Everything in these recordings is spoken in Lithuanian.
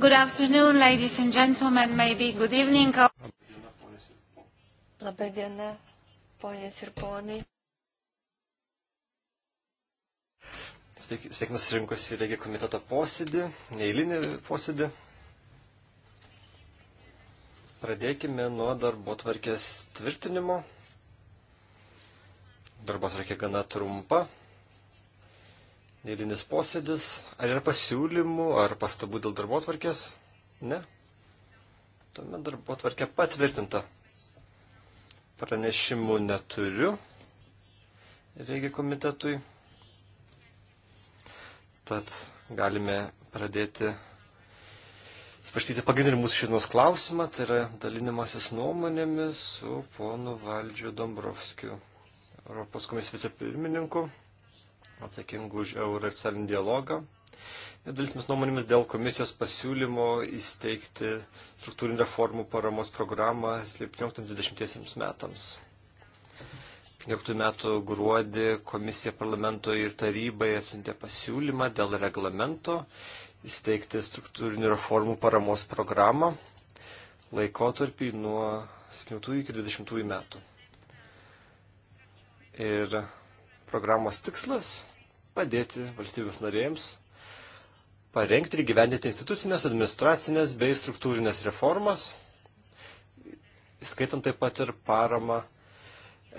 Good afternoon, ladies and gentlemen, maybe good evening. Labai diena, ponės ir ponai. Sveikinu susirinkusi regio komiteto posėdį, neįlinį posėdį. Pradėkime nuo darbo tvarkės tvirtinimo. Darbo tvarkė gana trumpa. Neįlinis posėdis. Ar yra pasiūlymų, ar pastabų dėl darbo tvarkės? Ne. Tuomet darbo tvarkė patvirtinta. Pranešimų neturiu. Reikia komitetui. Tad galime pradėti svarstyti pagrindinį mūsų šiandienos klausimą, tai yra dalinimasis nuomonėmis su ponu Valdžiu Dombrovskiu, Europos komisijos vicepirmininku atsakingų už eurą ir salinį dialogą. Ir dalysimės nuomonėmis dėl komisijos pasiūlymo įsteigti struktūrinį reformų paramos programą 17-20 metams. 15 metų gruodį komisija parlamento ir tarybai atsintė pasiūlymą dėl reglamento įsteigti struktūrinių reformų paramos programą laikotarpį nuo 7 iki 20 metų. Ir programos tikslas padėti valstybės narėms parengti ir gyvendyti institucinės, administracinės bei struktūrinės reformas, skaitant taip pat ir paramą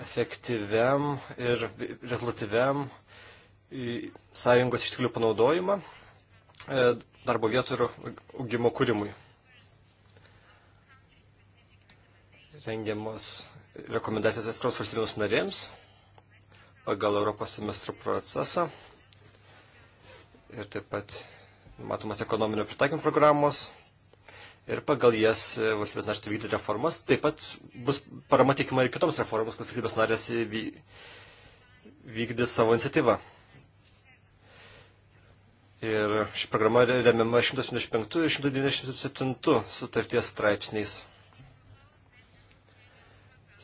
efektyviam ir rezultatyviam sąjungos išteklių panaudojimą e, darbo vietų ir augimo kūrimui. Rengiamos rekomendacijos atskiros valstybės narėms pagal Europos semestro procesą ir taip pat matomas ekonominio pritaikymo programos ir pagal jas e, valstybės narės vykdė reformas. Taip pat bus parama tikima ir kitoms reformams, kad valstybės narės vykdė savo iniciatyvą. Ir ši programa remiama 125 ir 197 sutarties straipsniais.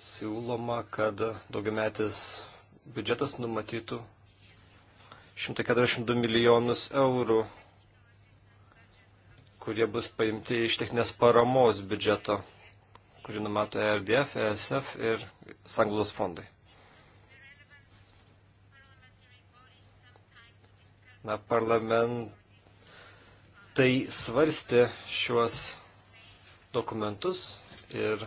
Siūloma, kad daugiametis biudžetas numatytų 142 milijonus eurų, kurie bus paimti iš techninės paramos biudžeto, kurį numato ERDF, ESF ir Sanglos fondai. Na, parlamentai svarstė šiuos dokumentus ir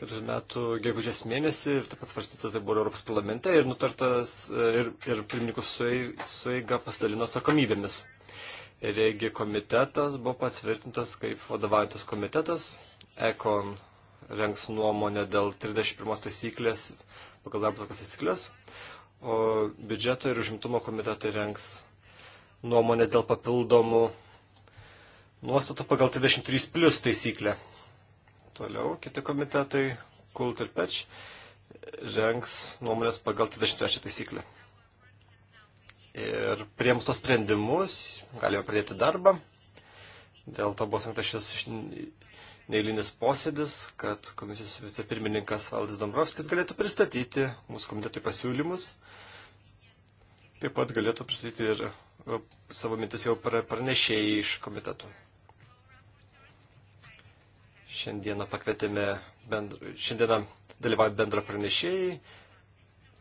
keturių metų gegužės mėnesį ir taip pat svarstyta tai buvo Europos parlamente ir nutartas e, ir, ir pirmininkų sueiga pasidalino atsakomybėmis. Regi komitetas buvo patvirtintas kaip vadovaujantis komitetas. Ekon rengs nuomonę dėl 31 taisyklės pagal darbo tokias taisyklės, o biudžeto ir užimtumo komitetai rengs nuomonės dėl papildomų nuostatų pagal 33 plus taisyklę. Toliau kiti komitetai, Kult ir Peč, rengs nuomonės pagal 23 taisyklę. Ir priemus tos sprendimus galime pradėti darbą. Dėl to buvo surinktas šis neįlinis posėdis, kad komisijos vicepirmininkas Valdis Dombrovskis galėtų pristatyti mūsų komitetui pasiūlymus. Taip pat galėtų pristatyti ir e, savo mintis jau pranešėjai iš komitetų. Šiandieną pakvietėme, bendr... šiandieną dalyvauja bendra pranešėjai,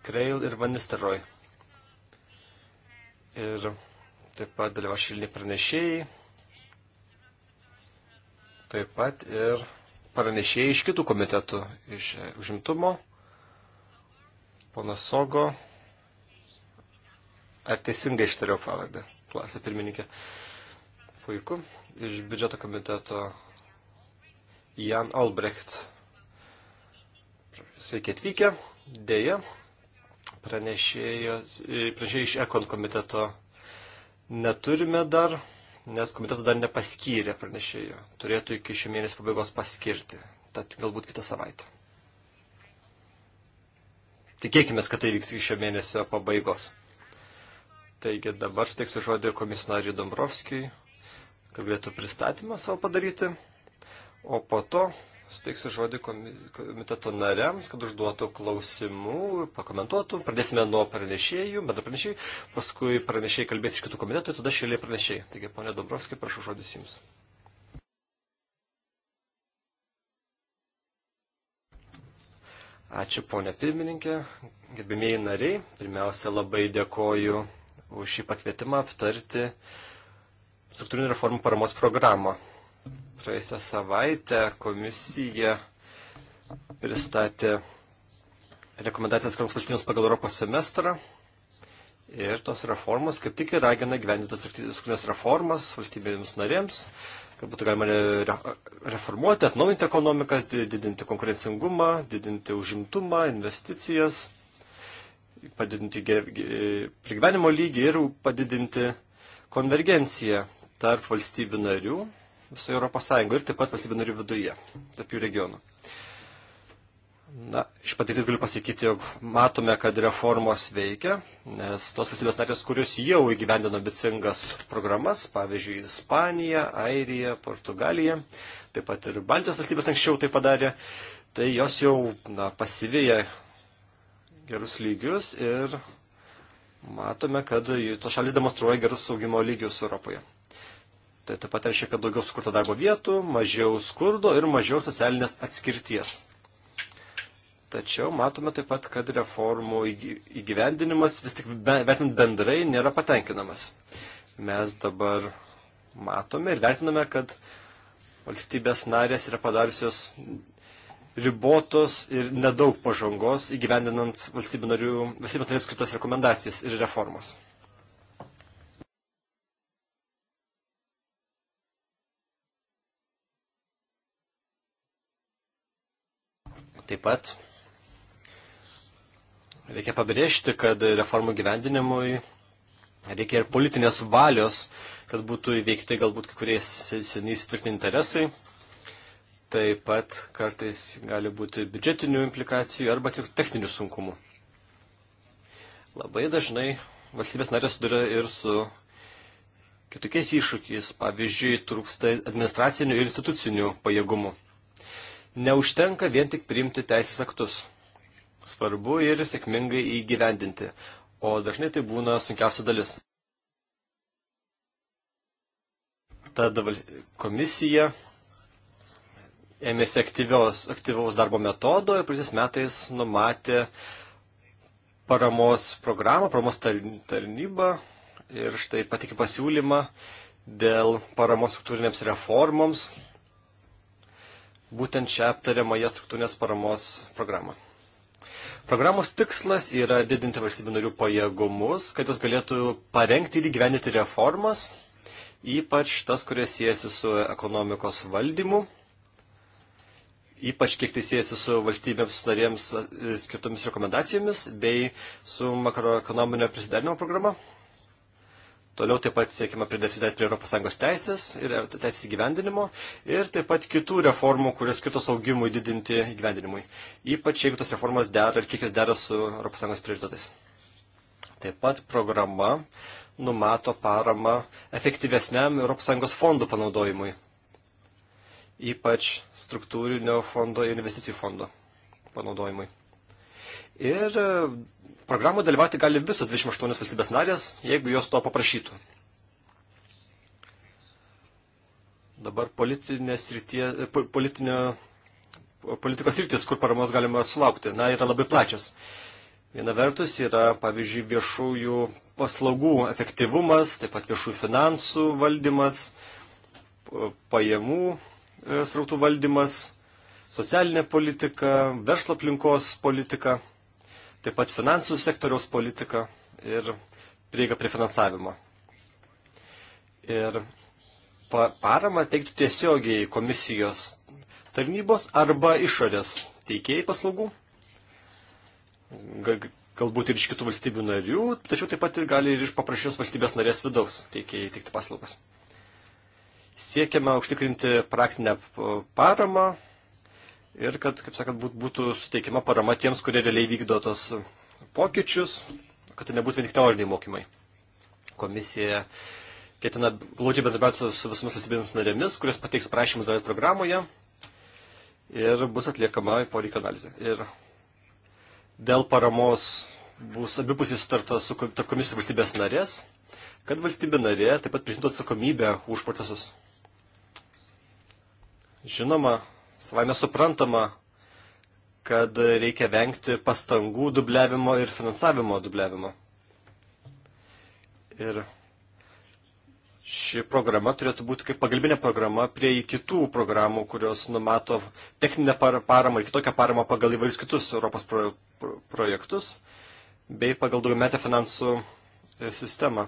Kreil ir Vanisteroj. Ir taip pat dalyvauja šilni pranešėjai, taip pat ir pranešėjai iš kitų komitetų, iš e, užimtumo, ponas Sogo, ar teisingai ištariau pavardę, klasė pirmininkė. Puiku, iš biudžeto komiteto Jan Albrecht. Sveiki atvykę. Deja, pranešėjos e, iš Ekon komiteto neturime dar, nes komitetas dar nepaskyrė pranešėjo. Turėtų iki šio mėnesio pabaigos paskirti. Tad galbūt kitą savaitę. Tikėkime, kad tai vyks iki šio mėnesio pabaigos. Taigi dabar steiksiu žodį komisariui Dombrovskijui, kad galėtų pristatymą savo padaryti o po to suteiksiu žodį komiteto nariams, kad užduotų klausimų, pakomentuotų. Pradėsime nuo pranešėjų, bendro pranešėjų, paskui pranešėjai kalbės iš kitų komitetų ir tada šėlė pranešėjai. Taigi, ponė Dombrovskai, prašau žodis jums. Ačiū, ponė pirmininkė, gerbimieji nariai. Pirmiausia, labai dėkoju už šį pakvietimą aptarti struktūrinių reformų paramos programą. Praėjusią savaitę komisija pristatė rekomendacijas kams valstybėms pagal Europos semestrą. Ir tos reformos kaip tik ir ragina gyvendintas struktūrinės reformas valstybėms narėms, kad būtų galima reformuoti, atnaujinti ekonomikas, didinti konkurencingumą, didinti užimtumą, investicijas, padidinti prigyvenimo lygį ir padidinti konvergenciją tarp valstybių narių visoje Europos Sąjungoje ir taip pat valstybių narių viduje, tarp jų regionų. Na, iš patirties galiu pasakyti, jog matome, kad reformos veikia, nes tos valstybės narės, kurios jau įgyvendino ambicingas programas, pavyzdžiui, Ispanija, Airija, Portugalija, taip pat ir Baltijos valstybės anksčiau tai padarė, tai jos jau na, pasivyja gerus lygius ir matome, kad tos šalis demonstruoja gerus saugimo lygius Europoje. Tai taip pat reiškia, kad daugiau sukurta darbo vietų, mažiau skurdo ir mažiau socialinės atskirties. Tačiau matome taip pat, kad reformų įgyvendinimas vis tik vertinant bendrai nėra patenkinamas. Mes dabar matome ir vertiname, kad valstybės narės yra padariusios ribotos ir nedaug pažangos įgyvendinant valstybės narių skirtas rekomendacijas ir reformas. Taip pat reikia pabrėžti, kad reformų gyvendinimui reikia ir politinės valios, kad būtų įveikti galbūt kai kurie seniai įsitvirtinti interesai. Taip pat kartais gali būti biudžetinių implikacijų arba tik techninių sunkumų. Labai dažnai valstybės narės suduria ir su kitokiais iššūkiais, pavyzdžiui, trūksta administracinių ir institucinių pajėgumų. Neužtenka vien tik priimti teisės aktus. Svarbu ir sėkmingai įgyvendinti, o dažnai tai būna sunkiausia dalis. Tad komisija ėmėsi aktyvios, aktyvaus darbo metodo ir praeitais metais numatė paramos programą, paramos tarnybą ir štai patikė pasiūlymą dėl paramos struktūrinėms reformoms būtent čia aptariamoje struktūrinės paramos programą. Programos tikslas yra didinti valstybių narių pajėgumus, kad jos galėtų parengti ir įgyvendyti reformas, ypač tas, kurias siejasi su ekonomikos valdymu, ypač kiek tai siejasi su valstybėms narėms e, skirtomis rekomendacijomis bei su makroekonominio prisidarimo programa. Toliau taip pat siekime pridafinėti prie ES teisės ir e, teisės įgyvendinimo ir taip pat kitų reformų, kurios skirtos augimui didinti įgyvendinimui. Ypač jeigu tos reformos dera ir kiek jos dera su ES prioritetais. Taip pat programa numato paramą efektyvesniam ES fondų panaudojimui, ypač struktūrinio fondo ir investicijų fondo panaudojimui. Ir e, programų dalyvauti gali visos 28 valstybės narės, jeigu jos to paprašytų. Dabar sritie, e, politinio, politikos rytis, kur paramos galima sulaukti, na, yra labai plačios. Viena vertus yra, pavyzdžiui, viešųjų paslaugų efektyvumas, taip pat viešųjų finansų valdymas, pajamų e, srautų valdymas, socialinė politika, verslo aplinkos politika taip pat finansų sektoriaus politiką ir prieigą prie finansavimo. Ir paramą teiktų tiesiogiai komisijos tarnybos arba išorės teikėjai paslaugų, galbūt ir iš kitų valstybių narių, tačiau taip pat ir gali ir iš paprašytos valstybės narės vidaus teikėjai teikti paslaugas. Siekiame užtikrinti praktinę paramą ir kad, kaip sakant, būtų suteikima parama tiems, kurie realiai vykdo tos pokyčius, kad tai nebūtų vien tik teoriniai mokymai. Komisija ketina glaudžiai bendrabiauti su visomis valstybėmis narėmis, kurios pateiks prašymus dalyvauti programoje ir bus atliekama poreikio analizė. Ir dėl paramos bus abipusis tarptas su tarp komisija valstybės narės, kad valstybė narė taip pat prisimtų atsakomybę už procesus. Žinoma, Savame suprantama, kad reikia vengti pastangų dubliavimo ir finansavimo dubliavimo. Ir ši programa turėtų būti kaip pagalbinė programa prie kitų programų, kurios numato techninę paramą ir kitokią paramą pagal įvairius kitus Europos pro, pro, projektus bei pagal daugiametę finansų sistemą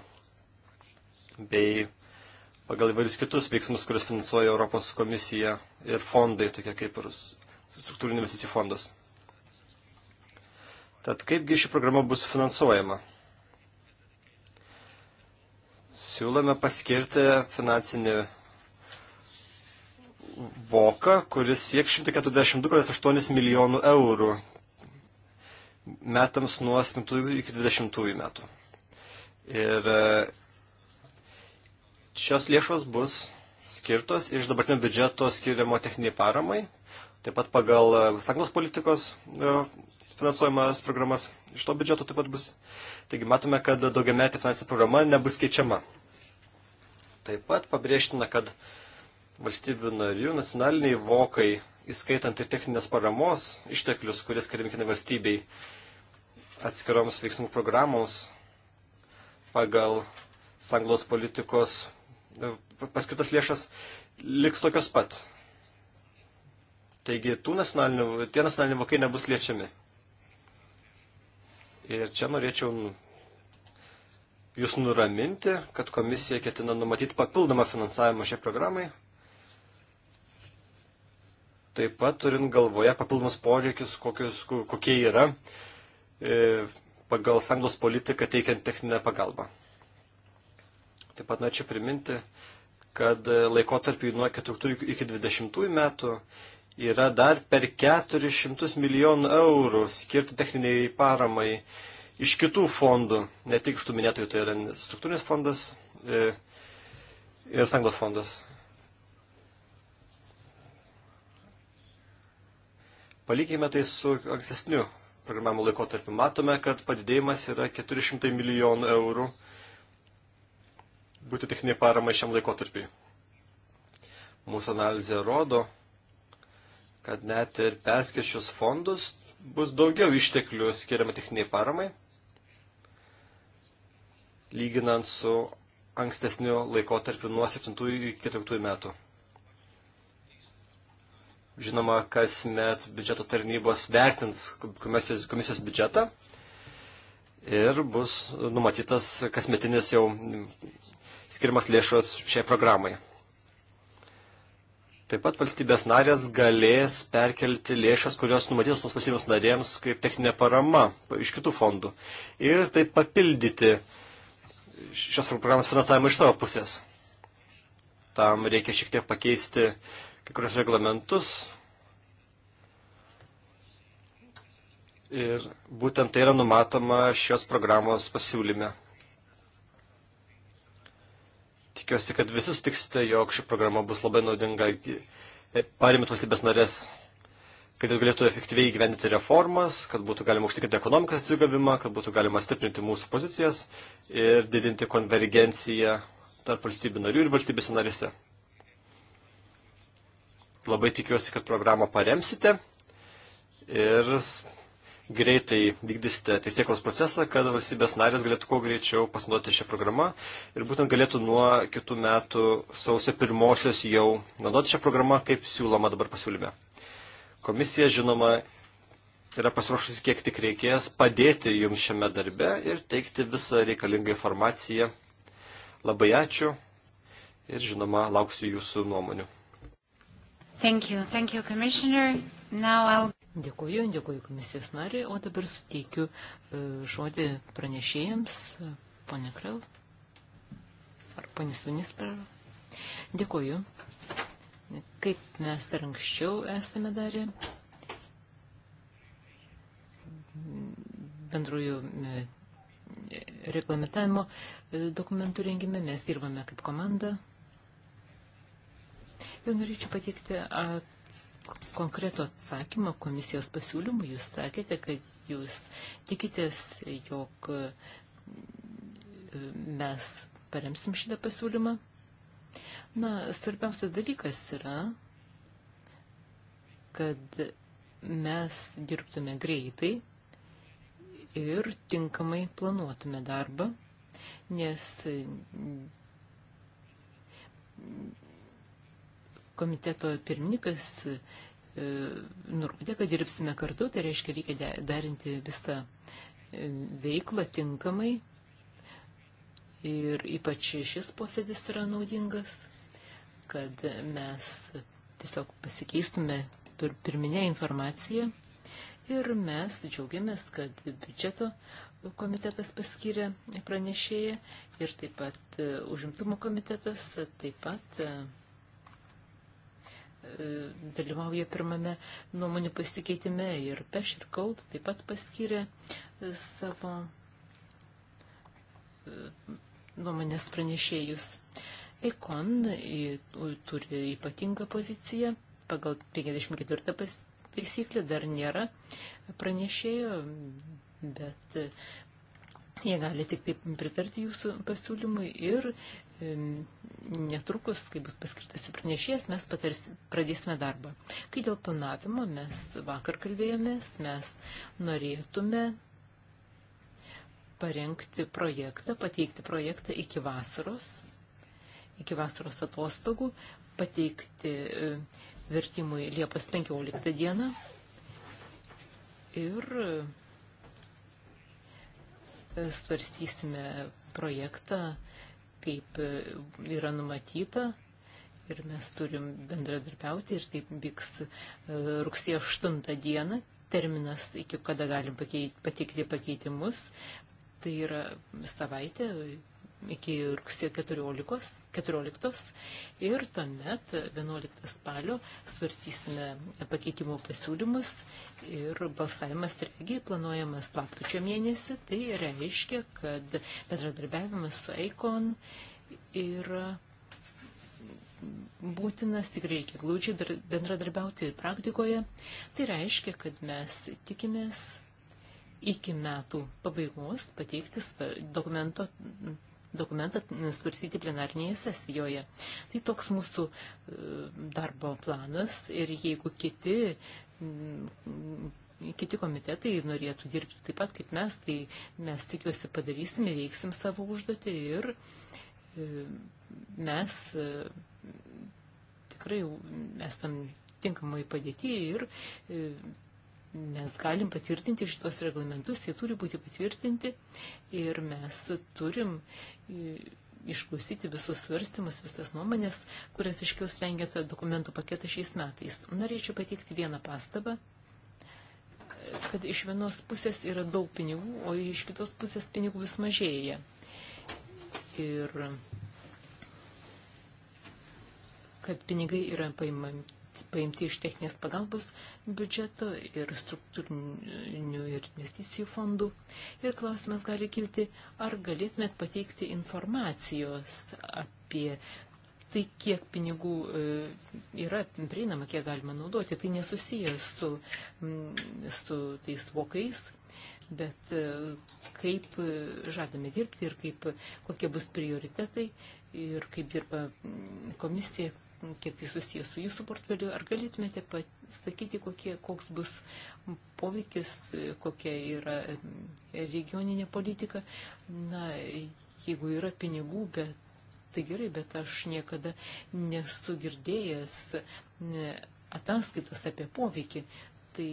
bei pagal įvairius kitus veiksmus, kuriuos finansuoja Europos komisija ir fondai, tokie kaip ir struktūrinių investicijų fondas. Tad kaipgi ši programa bus finansuojama? Siūlome paskirti finansinį voką, kuris siek 142,8 milijonų eurų metams nuo 7 iki 20 metų. Ir Šios lėšos bus skirtos iš dabartinio biudžeto skiriamo techniniai paramai, taip pat pagal e, sanglos politikos e, finansuojamas programas iš to biudžeto taip pat bus. Taigi matome, kad daugiametė finansinė programa nebus keičiama. Taip pat pabrėžtina, kad valstybių narių nacionaliniai vokai, įskaitant ir techninės paramos išteklius, kuris skirimikinai valstybei atskiroms veiksmų programoms pagal sanglos politikos E, paskirtas lėšas liks tokios pat. Taigi nacionalinių, tie nacionaliniai vokai nebus liečiami. Ir čia norėčiau jūs nuraminti, kad komisija ketina numatyti papildomą finansavimą šiai programai. Taip pat turint galvoje papildomus poreikius, kokius, kokie yra e, pagal sanglos politiką teikiant techninę pagalbą. Taip pat norėčiau priminti, kad laikotarpį nuo 4 iki 20 metų yra dar per 400 milijonų eurų skirti techniniai paramai iš kitų fondų, ne tik iš tų minėtojų, tai yra struktūrinis fondas ir, e, ir sanglos fondas. Palikime tai su ankstesniu programavimo laikotarpiu. Matome, kad padidėjimas yra 400 milijonų eurų būti techninė parama šiam laikotarpiai. Mūsų analizė rodo, kad net ir perskiršius fondus bus daugiau išteklių skiriama techniniai paramai, lyginant su ankstesniu laikotarpiu nuo 7 iki 14 metų. Žinoma, kasmet biudžeto tarnybos vertins komisijos, komisijos biudžetą ir bus numatytas kasmetinis jau skirimas lėšos šiai programai. Taip pat valstybės narės galės perkelti lėšas, kurios numatytos tos valstybės narėms kaip techninė parama iš kitų fondų. Ir taip papildyti šios programos finansavimą iš savo pusės. Tam reikia šiek tiek pakeisti kai kurios reglamentus. Ir būtent tai yra numatoma šios programos pasiūlyme. Tikiuosi, kad visi sutiksite, jog ši programa bus labai naudinga e, parimint valstybės narės, kad jis galėtų efektyviai gyventi reformas, kad būtų galima užtikrinti ekonomikos atsigavimą, kad būtų galima stiprinti mūsų pozicijas ir didinti konvergenciją tarp valstybių narių ir valstybės narėse. Labai tikiuosi, kad programą paremsite ir greitai vykdysite teisėkos procesą, kad valstybės narės galėtų kuo greičiau pasinaudoti šią programą ir būtent galėtų nuo kitų metų sausio pirmosios jau naudoti šią programą, kaip siūloma dabar pasiūlyme. Komisija, žinoma, yra pasiruošusi kiek tik reikės padėti jums šiame darbe ir teikti visą reikalingą informaciją. Labai ačiū ir žinoma, lauksiu jūsų nuomonių. Thank you. Thank you, Commissioner. Now I'll... Dėkuoju, dėkuoju komisijos nariui, o dabar suteikiu e, žodį pranešėjams, ponė Krel, ar ponė Stanistar. Dėkuoju. Kaip mes dar anksčiau esame darę, bendrųjų e, reklamentavimo e, dokumentų rengime, mes dirbame kaip komanda. Jau norėčiau pateikti at, konkretų atsakymą komisijos pasiūlymų. Jūs sakėte, kad jūs tikitės, jog mes paremsim šitą pasiūlymą. Na, svarbiausias dalykas yra, kad mes dirbtume greitai ir tinkamai planuotume darbą, nes komiteto pirmininkas e, nurodė, kad dirbsime kartu, tai reiškia reikia derinti visą e, veiklą tinkamai. Ir ypač šis posėdis yra naudingas, kad mes tiesiog pasikeistume pirminę informaciją. Ir mes džiaugiamės, kad biudžeto komitetas paskyrė pranešėją ir taip pat e, užimtumo komitetas taip pat E, dalyvauja pirmame nuomonių pasikeitime ir Peš ir Gold taip pat paskyrė e, savo e, nuomonės pranešėjus. Ekon turi ypatingą poziciją pagal 54 taisyklę, dar nėra pranešėjo, bet jie gali tik taip pritarti jūsų pasiūlymui ir netrukus, kai bus paskirtas jų pranešėjas, mes patarsi, pradėsime darbą. Kai dėl planavimo mes vakar kalbėjomės, mes norėtume parengti projektą, pateikti projektą iki vasaros, iki vasaros atostogų, pateikti vertimui Liepos 15 dieną ir svarstysime projektą kaip e, yra numatyta ir mes turim bendradarbiauti ir taip vyks e, rugsėjo 8 dieną, terminas iki kada galim pateikti pakeitimus, tai yra savaitė, iki rugsėjo 14, 14 ir tuomet 11 spalio svarstysime pakeitimo pasiūlymus ir balsavimas regi planuojamas lapkričio mėnesį. Tai reiškia, kad bendradarbiavimas su EICON yra būtinas, tikrai reikia glaudžiai bendradarbiauti praktikoje. Tai reiškia, kad mes tikimės iki metų pabaigos pateikti dokumento dokumentą svarstyti plenarnėje sesijoje. Tai toks mūsų e, darbo planas ir jeigu kiti kiti komitetai norėtų dirbti taip pat kaip mes, tai mes tikiuosi padarysime, veiksim savo užduotį ir e, mes e, tikrai esam tinkamai padėti ir mes galim patvirtinti šitos reglamentus, jie turi būti patvirtinti ir mes turim išklausyti visus svarstymus, visas nuomonės, kurias iškils rengėte dokumentų paketą šiais metais. Norėčiau pateikti vieną pastabą, kad iš vienos pusės yra daug pinigų, o iš kitos pusės pinigų vis mažėja. Ir kad pinigai yra paimami paimti iš techninės pagalbos biudžeto ir struktūrinių ir investicijų fondų. Ir klausimas gali kilti, ar galėtumėt pateikti informacijos apie tai, kiek pinigų e, yra prieinama, kiek galima naudoti. Tai nesusiję su, mm, su tais vokais, bet e, kaip e, žadame dirbti ir kaip, kokie bus prioritetai ir kaip dirba mm, komisija, kiek tai susijęs su jūsų portfeliu. Ar galėtumėte pasakyti, kokie, koks bus poveikis, kokia yra regioninė politika? Na, jeigu yra pinigų, bet tai gerai, bet aš niekada nesu girdėjęs ataskaitos apie poveikį. Tai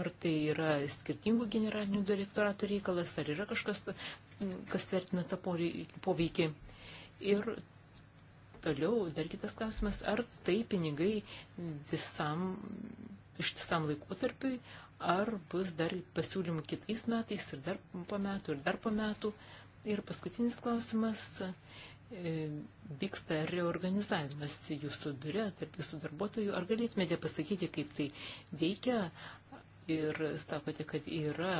ar tai yra skirtingų generalinių direktoratų reikalas, ar yra kažkas, kas vertina tą poveikį. Ir Toliau dar kitas klausimas, ar tai pinigai visam, ištisam laikotarpiui, ar bus dar pasiūlymų kitais metais ir dar po metų ir dar po metų. Ir paskutinis klausimas, e, vyksta reorganizavimas jūsų biure, tarp jūsų darbuotojų. Ar galėtumėte pasakyti, kaip tai veikia? Ir sakote, kad yra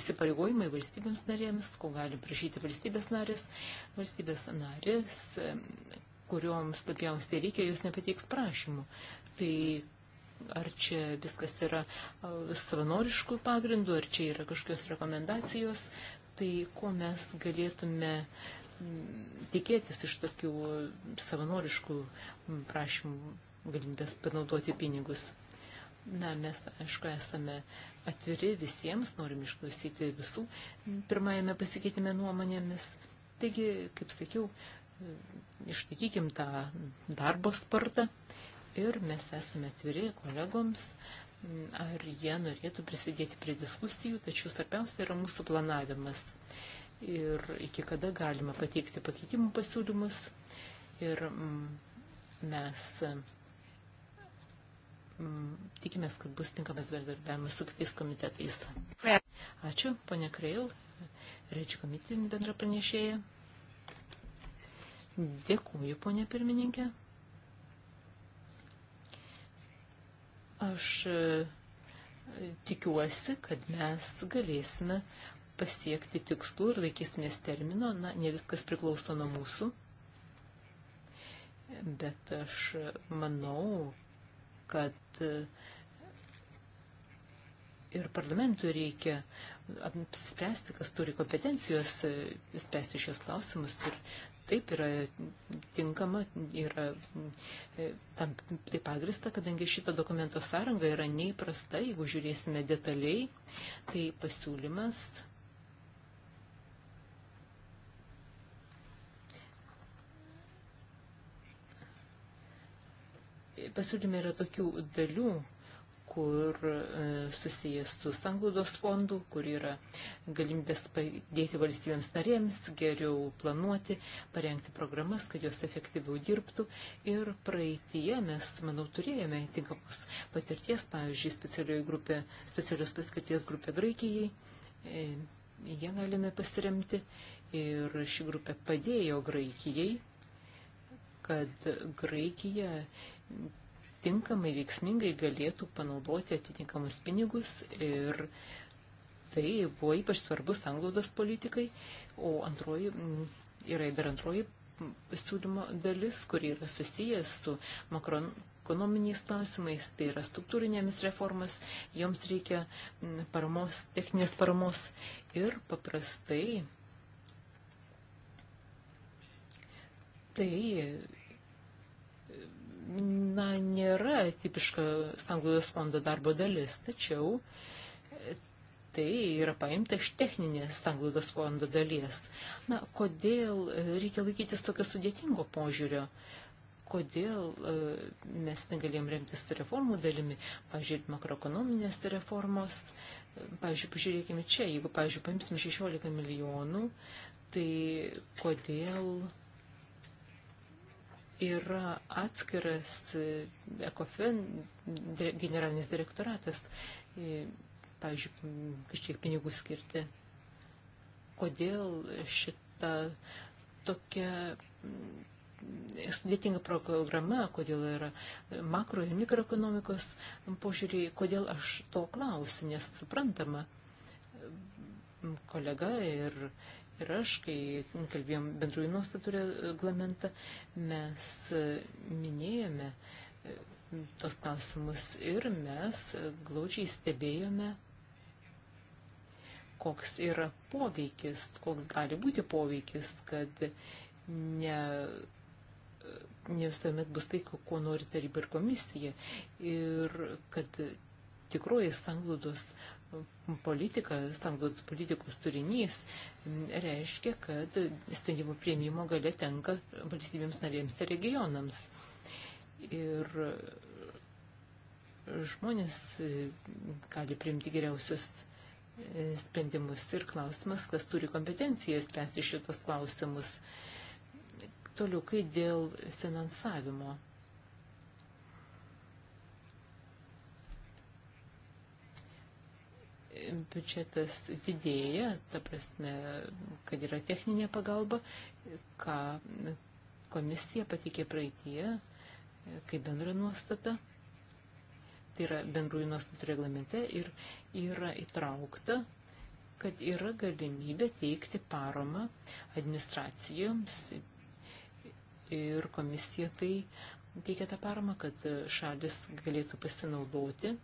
įsipareigojimai valstybėms narėms, ko gali prašyti valstybės narės. Valstybės narės kurioms labiausiai reikia, jos nepateiks prašymų. Tai ar čia viskas yra savanoriškų pagrindų, ar čia yra kažkokios rekomendacijos, tai ko mes galėtume tikėtis iš tokių savanoriškų prašymų galimybės panaudoti pinigus. Na, mes, aišku, esame atviri visiems, norim išklausyti visų pirmajame pasikeitime nuomonėmis. Taigi, kaip sakiau, išlaikykim tą darbo spartą ir mes esame atviri kolegoms, ar jie norėtų prisidėti prie diskusijų, tačiau svarbiausia yra mūsų planavimas ir iki kada galima pateikti pakeitimų pasiūlymus ir mm, mes mm, tikimės, kad bus tinkamas bendradarbiavimas su kitais komitetais. Ačiū, ponia Kreil, Reičių komitin bendra pranešėja. Dėkuoju, ponė pirmininkė. Aš e, tikiuosi, kad mes galėsime pasiekti tikslų ir laikysimės termino. Na, ne viskas priklauso nuo mūsų, bet aš manau, kad e, ir parlamentui reikia apsispręsti, kas turi kompetencijos e, spręsti šios klausimus ir taip yra tinkama, yra e, tam tai pagrista, kadangi šito dokumento sąranga yra neįprasta, jeigu žiūrėsime detaliai, tai pasiūlymas pasiūlyme yra tokių dalių, kur e, susijęs su sanglaudos fondu, kur yra galimybės padėti valstybėms narėms, geriau planuoti, parengti programas, kad jos efektyviau dirbtų. Ir praeitie mes, manau, turėjome tinkamus patirties, pavyzdžiui, specialios grupė, specialios paskirties grupė Graikijai. Jie galime pasiremti ir ši grupė padėjo Graikijai, kad Graikija tinkamai, veiksmingai galėtų panaudoti atitinkamus pinigus ir tai buvo ypač svarbus anglaudos politikai, o antroji mm, yra dar antroji mm, siūlymo dalis, kuri yra susijęs su Makron ekonominiais klausimais, tai yra struktūrinėmis reformas, joms reikia mm, paramos, techninės paramos ir paprastai tai na, nėra tipiška sanglaudos fondo darbo dalis, tačiau tai yra paimta iš techninės sanglaudos fondo dalies. Na, kodėl reikia laikytis tokio sudėtingo požiūrio? Kodėl e, mes negalėjom remtis reformų dalimi, pažiūrėti makroekonominės reformos, pavyzdžiui, pažiūrėkime čia, jeigu, pavyzdžiui, paimsim 16 milijonų, tai kodėl yra atskiras ECOFIN generalinis direktoratas, pavyzdžiui, kažkiek pinigų skirti. Kodėl šita tokia mm, sudėtinga programa, kodėl yra makro ir mikroekonomikos požiūriai, kodėl aš to klausiu, nes suprantama, kolega ir ir aš, kai kalbėjom bendrųjų nuostatų reglamentą, mes minėjome e, tos klausimus ir mes glaučiai stebėjome, koks yra poveikis, koks gali būti poveikis, kad ne, ne visuomet bus tai, ko nori taryba ir komisija. Ir kad tikroji sanglaudos politika, sanglaudos politikos turinys reiškia, kad sprendimų prieimimo galia tenka valstybėms narėms ir regionams. Ir žmonės e, gali priimti geriausius e, sprendimus ir klausimas, kas turi kompetenciją spręsti šitos klausimus. Toliau, kai dėl finansavimo biudžetas didėja, ta prasme, kad yra techninė pagalba, ką komisija patikė praeitie kaip bendra nuostata. Tai yra bendrųjų nuostatų reglamente ir yra įtraukta, kad yra galimybė teikti paramą administracijoms ir komisija tai teikia tą paramą, kad šalis galėtų pasinaudoti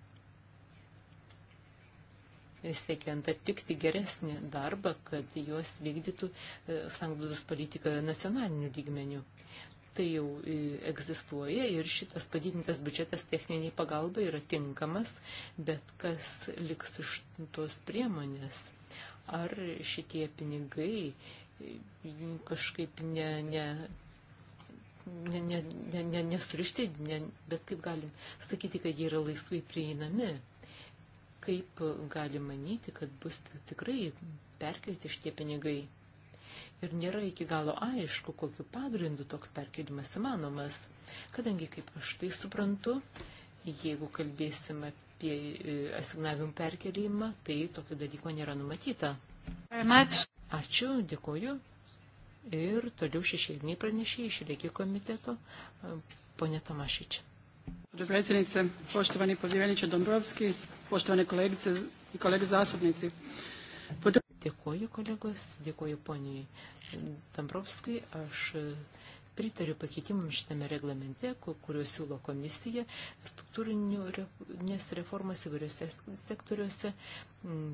siekiant atlikti geresnį darbą, kad juos vykdytų e, sanglaudos politika nacionaliniu lygmeniu. Tai jau e, egzistuoja ir šitas padidintas biudžetas techniniai pagalbai yra tinkamas, bet kas liks iš tos priemonės? Ar šitie pinigai e, kažkaip ne, ne, ne, ne, ne, ne, nesurišti, ne, bet kaip galim sakyti, kad jie yra laisvai prieinami? kaip gali manyti, kad bus tikrai perkelti šitie pinigai. Ir nėra iki galo aišku, kokiu pagrindu toks perkelimas įmanomas, kadangi, kaip aš tai suprantu, jeigu kalbėsim apie e, asignavimų perkelimą, tai tokio dalyko nėra numatyta. Ačiū, dėkoju. Ir toliau šešėliniai pranešė iš reikio komiteto, e, ponė Tomašyčia. Gospođo predsjednice, poštovani povjereniče Dombrovski, poštovane kolegice i kolege zastupnici. Dėkuoju kolegos, dėkuoju poniai Dombrovskijai. Aš pritariu pakeitimams šitame reglamente, kuriuos siūlo komisija, struktūrinės reformas įvairiose sektoriuose mm,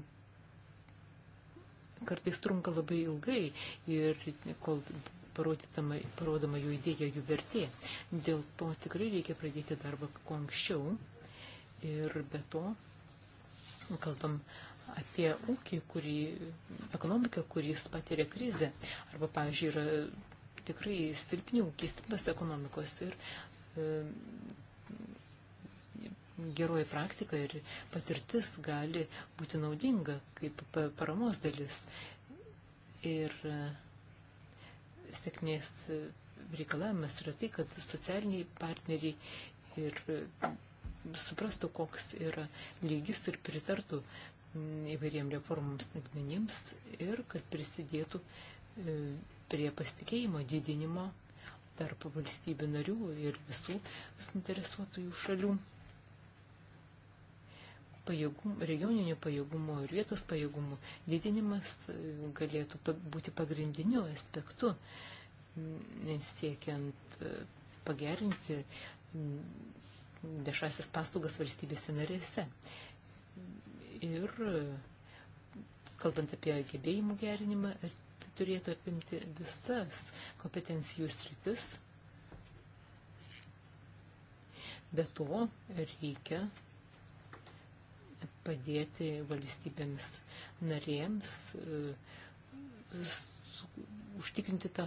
kartais trunka labai ilgai ir kol parodoma jų idėja, jų vertė. Dėl to tikrai reikia pradėti darbą kuo anksčiau. Ir be to, kalbam apie ūkį, kurį, ekonomiką, kuris patiria krizę. Arba, pavyzdžiui, yra tikrai silpni ūkiai, silpnos ekonomikos. Ir e, geroji praktika ir patirtis gali būti naudinga kaip paramos dalis. Ir e, sėkmės reikalavimas yra tai, kad socialiniai partneriai ir e, suprastų, koks yra lygis ir pritartų įvairiem reformams nagmenims ir kad prisidėtų e, prie pasitikėjimo didinimo tarp valstybių narių ir visų suinteresuotųjų šalių pajėgum, regioninių pajėgumų ir vietos pajėgumų didinimas e, galėtų būti pagrindiniu aspektu siekiant e, pagerinti viešasis paslaugas valstybėse narėse. Ir kalbant apie gebėjimų gerinimą, tai turėtų apimti visas kompetencijų sritis. Be to reikia padėti valstybėms narėms e, užtikrinti tą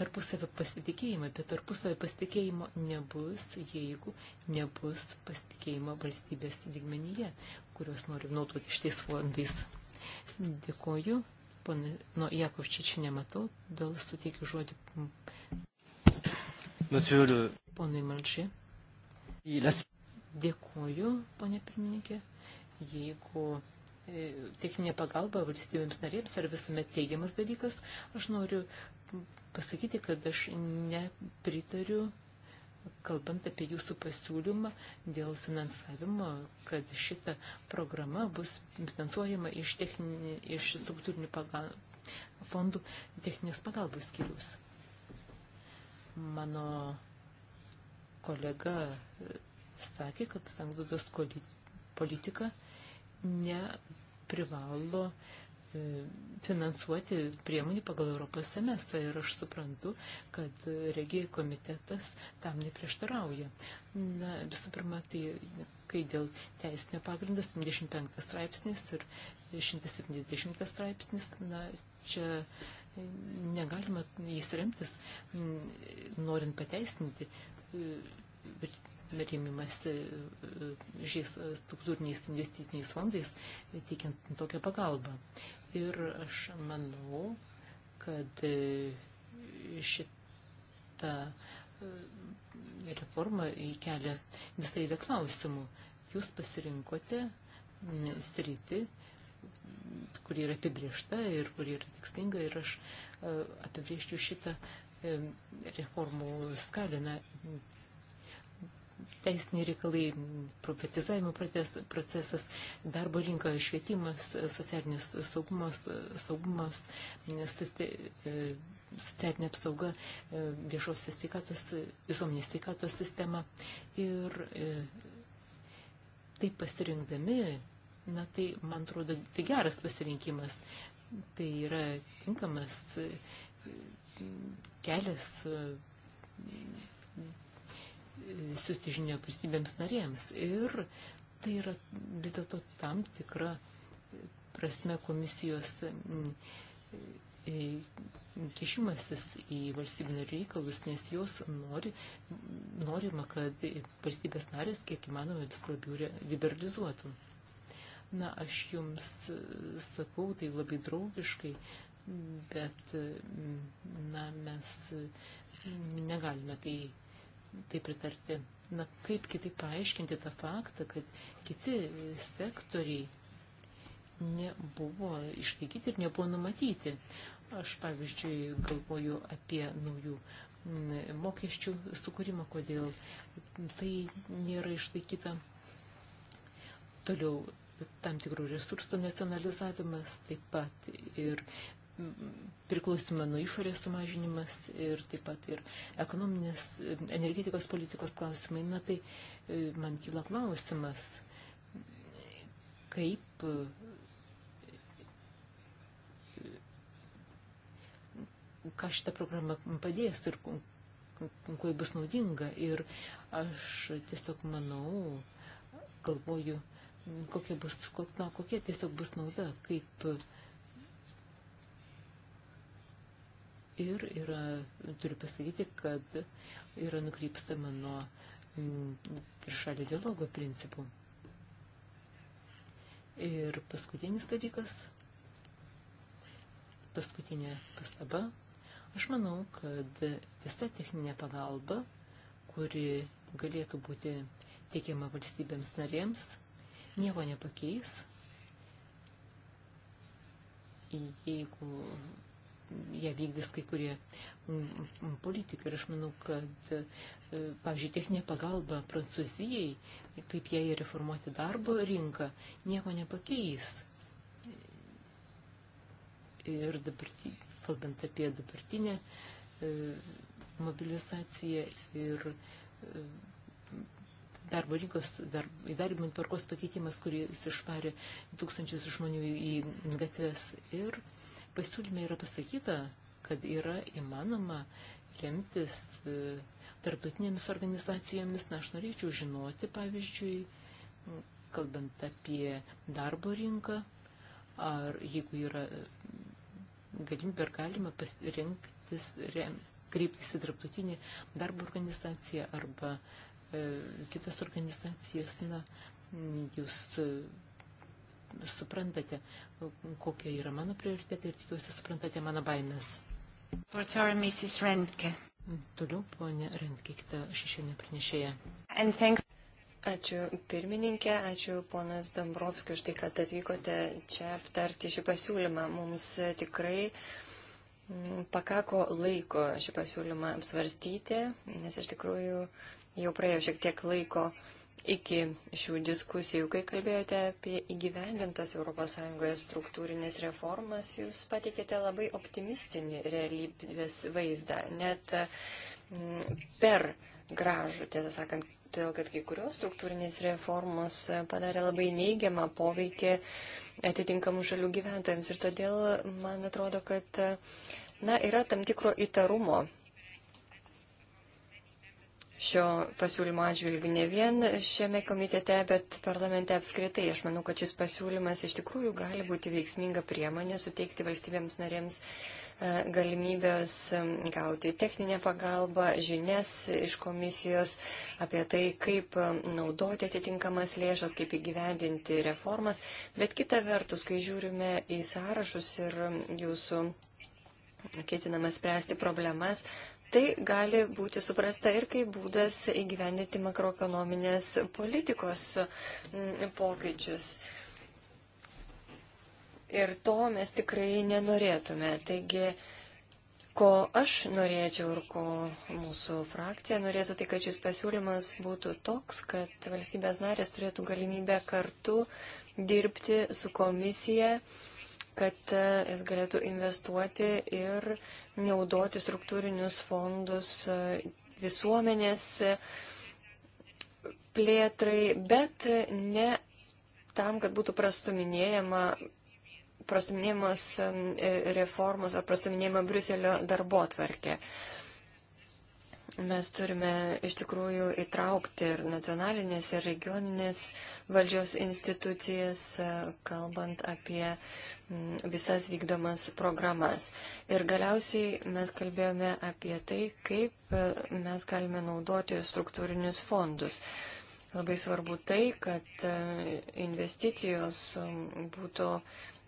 tarpusavio pasitikėjimą, bet tarpusavio pasitikėjimo nebus, jeigu nebus pasitikėjimo valstybės lygmenyje, kurios nori naudoti šitais fondais. Dėkoju. Pana, nuo Jakovčičių nematau, dėl suteikiu žodį. Monsieur... Ponui Malčiai. Dėkoju, ponė pirmininkė jeigu e, techninė pagalba valstybėms narėms yra visuomet teigiamas dalykas, aš noriu pasakyti, kad aš nepritariu, kalbant apie jūsų pasiūlymą dėl finansavimo, kad šita programa bus finansuojama iš, techninį, iš struktūrinių pagal, fondų techninės pagalbos skiriaus. Mano kolega e, sakė, kad sanglaudos koalicija politika neprivalo e, finansuoti priemonių pagal Europos semestrą ir aš suprantu, kad regijai komitetas tam neprieštarauja. Na, visų pirma, tai kai dėl teisinio pagrindo 75 straipsnis ir 170 straipsnis, na, čia negalima jais remtis, norint pateisinti e, rėmimas e, e, šiais struktūriniais investiciniais fondais, teikiant tokią pagalbą. Ir aš manau, kad e, šita reforma įkelia visai be klausimų. Jūs pasirinkote sritį, kur yra apibriešta ir kur yra tikslinga ir aš apibrieščiau šitą reformų skaliną teisiniai reikalai, privatizavimo procesas, darbo rinka, švietimas, socialinis saugumas, saugumas tai, e, socialinė apsauga, e, viešosios sveikatos, visuomenės sveikatos sistema. Ir e, taip pasirinkdami, na tai, man atrodo, tai geras pasirinkimas. Tai yra tinkamas kelias siūsti žinia valstybėms narėms. Ir tai yra vis dėlto tam tikra prasme komisijos mm, e, kišimasis į valstybinio reikalus, nes jos nori, norima, kad valstybės narės kiek įmanoma viską labiau liberalizuotų. Na, aš jums sakau tai labai draugiškai, bet mm, na, mes negalime tai tai pritarti. Na, kaip kitaip paaiškinti tą faktą, kad kiti sektoriai nebuvo išlaikyti ir nebuvo numatyti. Aš, pavyzdžiui, galvoju apie naujų mokesčių sukūrimą, kodėl tai nėra išlaikyta. Toliau tam tikrų resursų nacionalizavimas, taip pat ir priklausomą nuo išorės sumažinimas ir taip pat ir ekonominės energetikos politikos klausimai. Na tai e, man kyla klausimas, kaip e, ką šitą programą padės ir kuo bus naudinga. Ir aš tiesiog manau, galvoju, kokia bus, na, kokia tiesiog bus nauda, kaip ir yra, turiu pasakyti, kad yra nukrypstama nuo mm, trišalio dialogo principų. Ir paskutinis dalykas, paskutinė pastaba, aš manau, kad visa techninė pagalba, kuri galėtų būti teikiama valstybėms narėms, nieko nepakeis, jeigu ją vykdys kai kurie politikai. Ir aš manau, kad, e, pavyzdžiui, techninė pagalba Prancūzijai, kaip jai reformuoti darbo rinką, nieko nepakeis. Ir dabar, kalbant apie dabartinę e, mobilizaciją ir e, darbo rinkos dar, įdarbimo tvarkos pakeitimas, kuris išvarė tūkstančius žmonių į gatves ir pasiūlyme yra pasakyta, kad yra įmanoma remtis e, tarptautinėmis organizacijomis. Na, aš norėčiau žinoti, pavyzdžiui, kalbant apie darbo rinką, ar jeigu yra galimybė ir galima pasirinktis, rem, kreiptis į tarptautinį darbo organizaciją arba e, kitas organizacijas, na, jūs suprantate, kokie yra mano prioritetai ir tikiuosi suprantate mano baimės. Portor, Mrs. Rentke. Toliau, ponė Rentke, kita šešėlinė pranešėja. Ačiū pirmininkė, ačiū ponas Dambrovskis už tai, kad atvykote čia aptarti šį pasiūlymą. Mums tikrai mm, pakako laiko šį pasiūlymą apsvarstyti, nes iš tikrųjų jau praėjo šiek tiek laiko iki šių diskusijų, kai kalbėjote apie įgyvendintas ES struktūrinės reformas, jūs pateikėte labai optimistinį realybės vaizdą, net mm, per gražų, tiesą sakant, todėl kad kai kurios struktūrinės reformos padarė labai neigiamą poveikį atitinkamų šalių gyventojams ir todėl man atrodo, kad na, yra tam tikro įtarumo šio pasiūlymo atžvilgių ne vien šiame komitete, bet parlamente apskritai. Aš manau, kad šis pasiūlymas iš tikrųjų gali būti veiksminga priemonė suteikti valstybėms narėms e, galimybės gauti techninę pagalbą, žinias iš komisijos apie tai, kaip naudoti atitinkamas lėšas, kaip įgyvendinti reformas. Bet kita vertus, kai žiūrime į sąrašus ir jūsų ketinama spręsti problemas, Tai gali būti suprasta ir kaip būdas įgyvendinti makroekonominės politikos mm, pokyčius. Ir to mes tikrai nenorėtume. Taigi, ko aš norėčiau ir ko mūsų frakcija norėtų, tai kad šis pasiūlymas būtų toks, kad valstybės narės turėtų galimybę kartu dirbti su komisija, kad e, jis galėtų investuoti ir uh, naudoti struktūrinius fondus e, visuomenės e, plėtrai, bet ne tam, kad būtų prastuminėjama prastuminėjimas e, reformos ar prastuminėjimo Briuselio darbo tvarkė. Uh, Mes turime iš tikrųjų įtraukti ir nacionalinės, ir regioninės valdžios institucijas, kalbant apie mm, visas vykdomas programas. Ir galiausiai mes kalbėjome apie tai, kaip e, mes galime naudoti struktūrinius fondus. Labai svarbu tai, kad e, investicijos būtų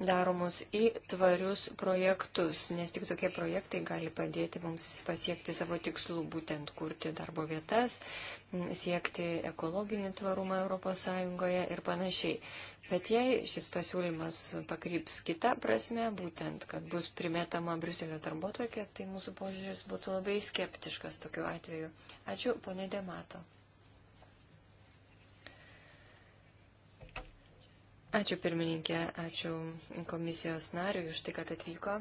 daromos į tvarius projektus, nes tik tokie projektai gali padėti mums pasiekti savo tikslų, būtent kurti darbo vietas, siekti ekologinį tvarumą ES ir panašiai. Bet jei šis pasiūlymas pakryps kitą prasme, būtent, kad bus primetama Briuselio darbotvarkė, tai mūsų požiūris būtų labai skeptiškas tokiu atveju. Ačiū, ponė Demato. Ačiū pirmininkė, ačiū komisijos nariui už tai, kad atvyko.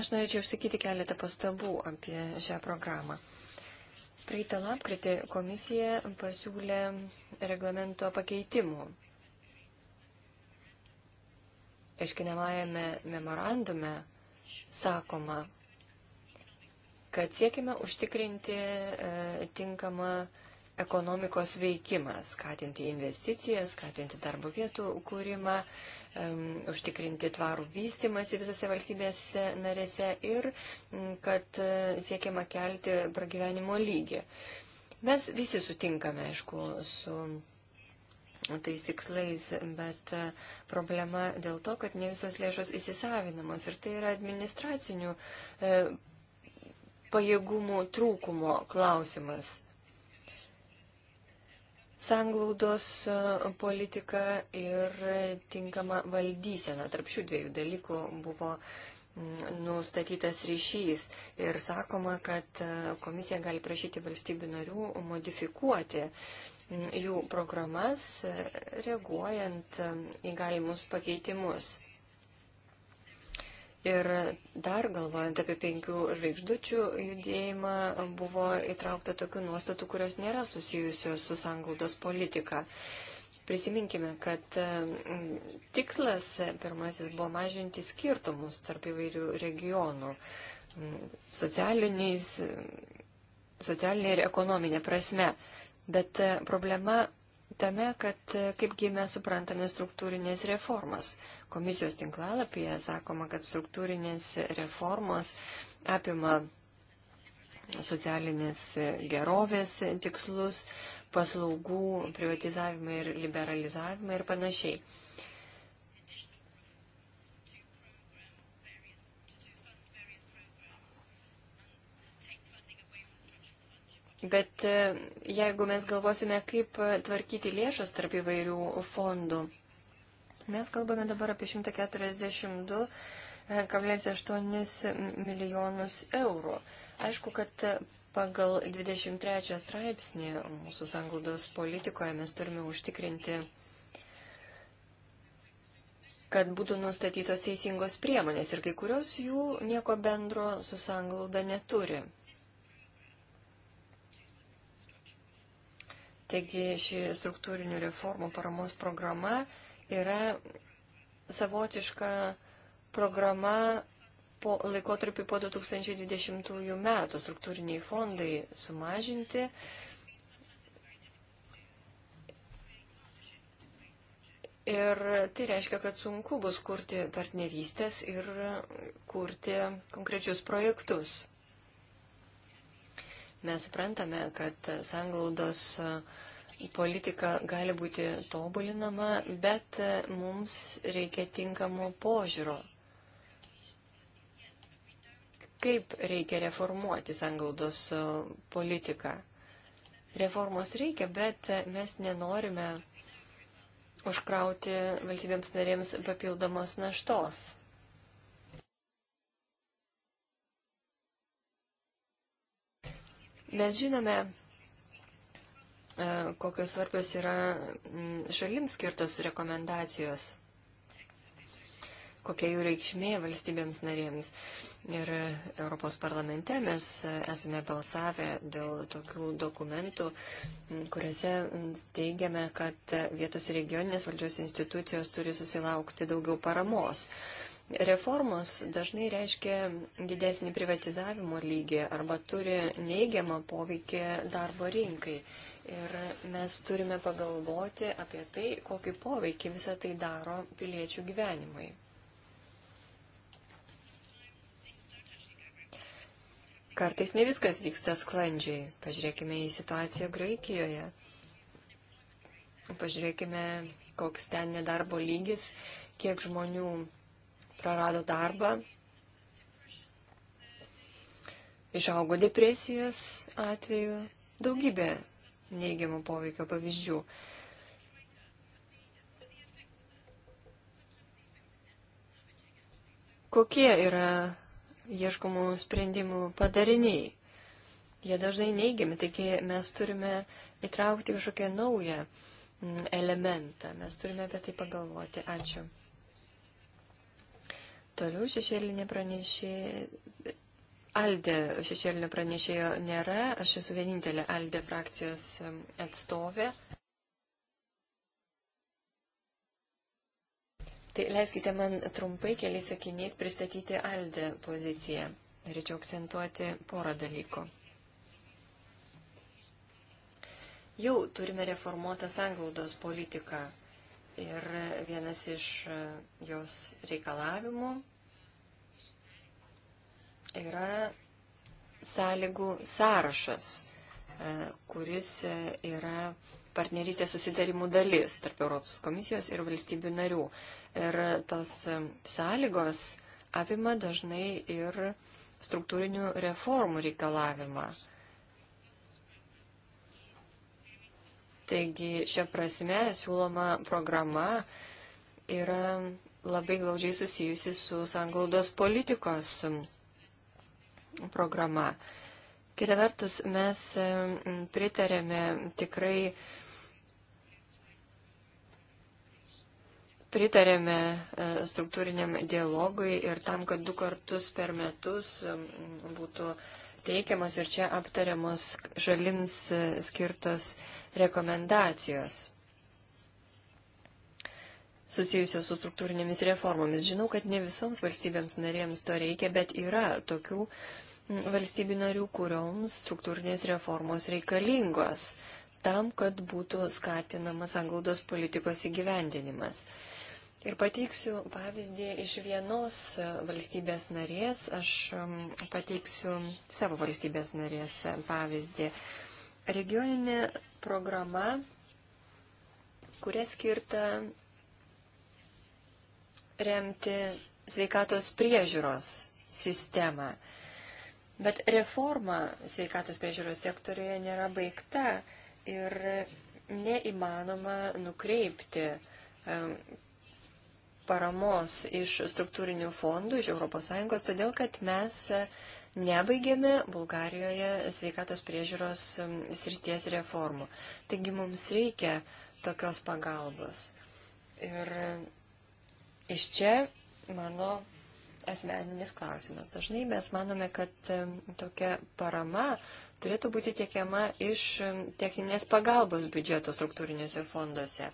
Aš norėčiau išsakyti keletą pastabų apie šią programą. Praeitą lapkritį komisija pasiūlė reglamento pakeitimų. Iškinamajame memorandume sakoma, kad siekime užtikrinti e, tinkamą ekonomikos veikimą, skatinti investicijas, skatinti darbo vietų kūrimą, um, užtikrinti tvarų vystimąsi visose valstybėse narėse ir kad e, siekiama kelti pragyvenimo lygį. Mes visi sutinkame, aišku, su tais tikslais, bet e, problema dėl to, kad ne visos lėšos įsisavinamos ir tai yra administracinių pajėgumų trūkumo klausimas. Sanglaudos e, politika ir tinkama valdysena. Tarp šių dviejų dalykų buvo nustatytas ryšys ir sakoma, kad e, komisija gali prašyti valstybių narių modifikuoti jų programas, e, reaguojant į galimus pakeitimus. Ir dar galvojant apie penkių žvaigždučių judėjimą, buvo įtraukta tokių nuostatų, kurios nėra susijusios su sanglaudos politika. Prisiminkime, kad mm, tikslas pirmasis buvo mažinti skirtumus tarp įvairių regionų mm, socialiniais, mm, socialinė ir ekonominė prasme. Bet e, problema tame, kad e, kaipgi mes suprantame struktūrinės reformas. Komisijos tinklalapyje sakoma, kad struktūrinės reformos apima socialinės gerovės tikslus, paslaugų privatizavimą ir liberalizavimą ir panašiai. Bet e, jeigu mes galvosime, kaip e, tvarkyti lėšas tarp įvairių fondų, mes kalbame dabar apie 142,8 e, milijonus eurų. Aišku, kad pagal 23 straipsnį mūsų sanglaudos politikoje mes turime užtikrinti kad būtų nustatytos teisingos priemonės ir kai kurios jų nieko bendro su sanglauda neturi. Taigi ši struktūrinių reformų paramos programa yra savotiška programa po laikotarpį po 2020 metų struktūriniai fondai sumažinti. Ir tai reiškia, kad sunku bus kurti partnerystės ir kurti konkrečius projektus. Mes suprantame, kad sanglaudos e, politika gali būti tobulinama, bet e, mums reikia tinkamo požiūro. Kaip reikia reformuoti sanglaudos e, politiką? Reformos reikia, bet mes nenorime užkrauti valstybėms narėms papildomos naštos. Mes žinome, e, kokios svarbios yra šalims skirtos rekomendacijos, kokia jų reikšmė valstybėms narėms. Ir Europos parlamente mes esame balsavę dėl tokių dokumentų, kuriuose teigiame, kad vietos regioninės valdžios institucijos turi susilaukti daugiau paramos. Reformos dažnai reiškia didesnį privatizavimo lygį arba turi neigiamą poveikį darbo rinkai. Ir mes turime pagalvoti apie tai, kokį poveikį visą tai daro piliečių gyvenimai. Kartais ne viskas vyksta sklandžiai. Pažiūrėkime į situaciją Graikijoje. Pažiūrėkime, koks ten nedarbo lygis, kiek žmonių prarado darbą, išaugo depresijos atveju, daugybė neigiamų poveikio pavyzdžių. Kokie yra ieškomų sprendimų padariniai? Jie dažnai neigiami, taigi mes turime įtraukti kažkokią naują mm, elementą. Mes turime apie tai pagalvoti. Ačiū. Toliau šešėlinė pranešė. Aldė šešėlinio pranešėjo nėra, aš esu vienintelė Aldė frakcijos atstovė. Tai leiskite man trumpai keliais sakiniais pristatyti Aldė poziciją. Norėčiau akcentuoti porą dalykų. Jau turime reformuotą sanglaudos politiką, Ir vienas iš e, jos reikalavimų yra sąlygų sąrašas, e, kuris e, yra partnerystės susitarimų dalis tarp Europos komisijos ir valstybių narių. Ir tos sąlygos apima dažnai ir struktūrinių reformų reikalavimą. Taigi šią prasme siūloma programa yra labai glaudžiai susijusi su sanglaudos politikos programa. Kita vertus, mes mm, pritarėme tikrai pritarėme e, struktūriniam dialogui ir tam, kad du kartus per metus mm, būtų teikiamos ir čia aptariamos šalims e, skirtos rekomendacijos susijusios su struktūrinėmis reformomis. Žinau, kad ne visoms valstybėms narėms to reikia, bet yra tokių valstybių narių, kurioms struktūrinės reformos reikalingos tam, kad būtų skatinamas anglaudos politikos įgyvendinimas. Ir pateiksiu pavyzdį iš vienos valstybės narės. Aš pateiksiu savo valstybės narės pavyzdį. Regioninė programa, kuria skirta remti sveikatos priežiūros sistemą. Bet reforma sveikatos priežiūros sektorijoje nėra baigta ir neįmanoma nukreipti paramos iš struktūrinių fondų, iš ES, todėl kad mes nebaigėme Bulgarijoje sveikatos priežiūros srities reformų. Taigi mums reikia tokios pagalbos. Ir iš čia mano asmeninis klausimas. Dažnai mes manome, kad tokia parama turėtų būti tiekiama iš techninės pagalbos biudžeto struktūriniuose fonduose.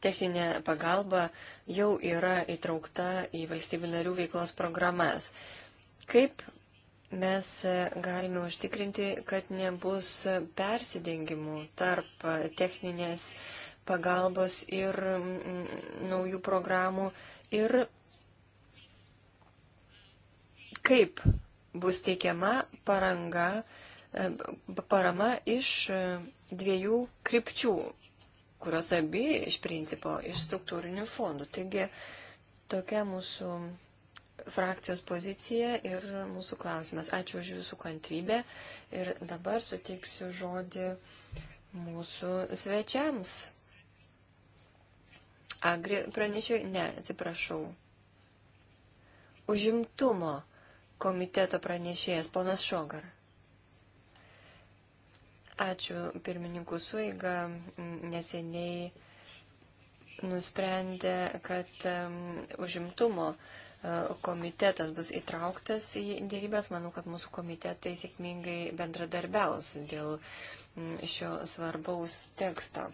Techninė pagalba jau yra įtraukta į valstybių narių veiklos programas. Kaip mes galime užtikrinti, kad nebus persidengimų tarp techninės pagalbos ir naujų programų ir kaip bus teikiama paranga, e, parama iš e, dviejų krypčių, kurios abi iš principo iš struktūrinių fondų. Taigi tokia mūsų frakcijos pozicija ir mūsų klausimas. Ačiū už Jūsų kantrybę ir dabar suteiksiu žodį mūsų svečiams. Agri pranešiu, ne, atsiprašau. Užimtumo komiteto pranešėjas ponas Šogar. Ačiū pirmininkų suiga, neseniai nusprendė, kad um, užimtumo uh, komitetas bus įtrauktas į dėrybęs. Manau, kad mūsų komitetai sėkmingai bendradarbiaus dėl mm, šio svarbaus teksto.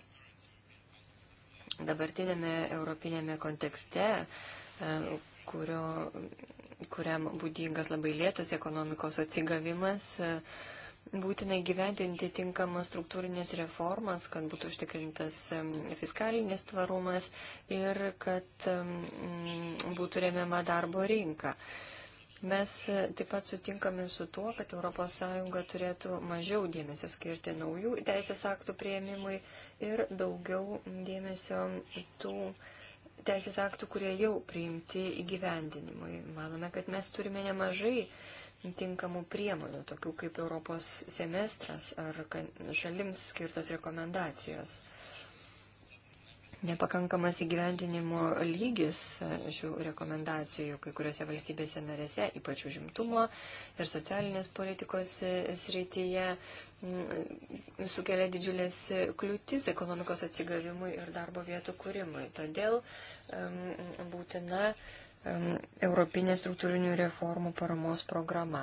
Dabartinėme europinėme kontekste, e, kurio, kuriam būdingas labai lėtas ekonomikos atsigavimas, e, būtina gyventinti tinkamas struktūrinės reformas, kad būtų užtikrintas fiskalinis tvarumas ir kad būtų remiama darbo rinka. Mes e, taip pat sutinkame su tuo, kad ES turėtų mažiau dėmesio skirti naujų teisės aktų prieimimui ir daugiau dėmesio tų teisės aktų, kurie jau priimti įgyvendinimui. Manome, kad mes turime nemažai uh, tinkamų priemonių, tokių kaip Europos semestras ar šalims skirtos rekomendacijos. Nepakankamas įgyvendinimo lygis e, šių rekomendacijų kai kuriuose valstybėse narėse, ypač užimtumo ir socialinės politikos e, srityje, mm, e, sukelia didžiulės kliūtis ekonomikos atsigavimui ir darbo vietų kūrimui. Todėl um, būtina uh, Europinė struktūrinių reformų paramos programa.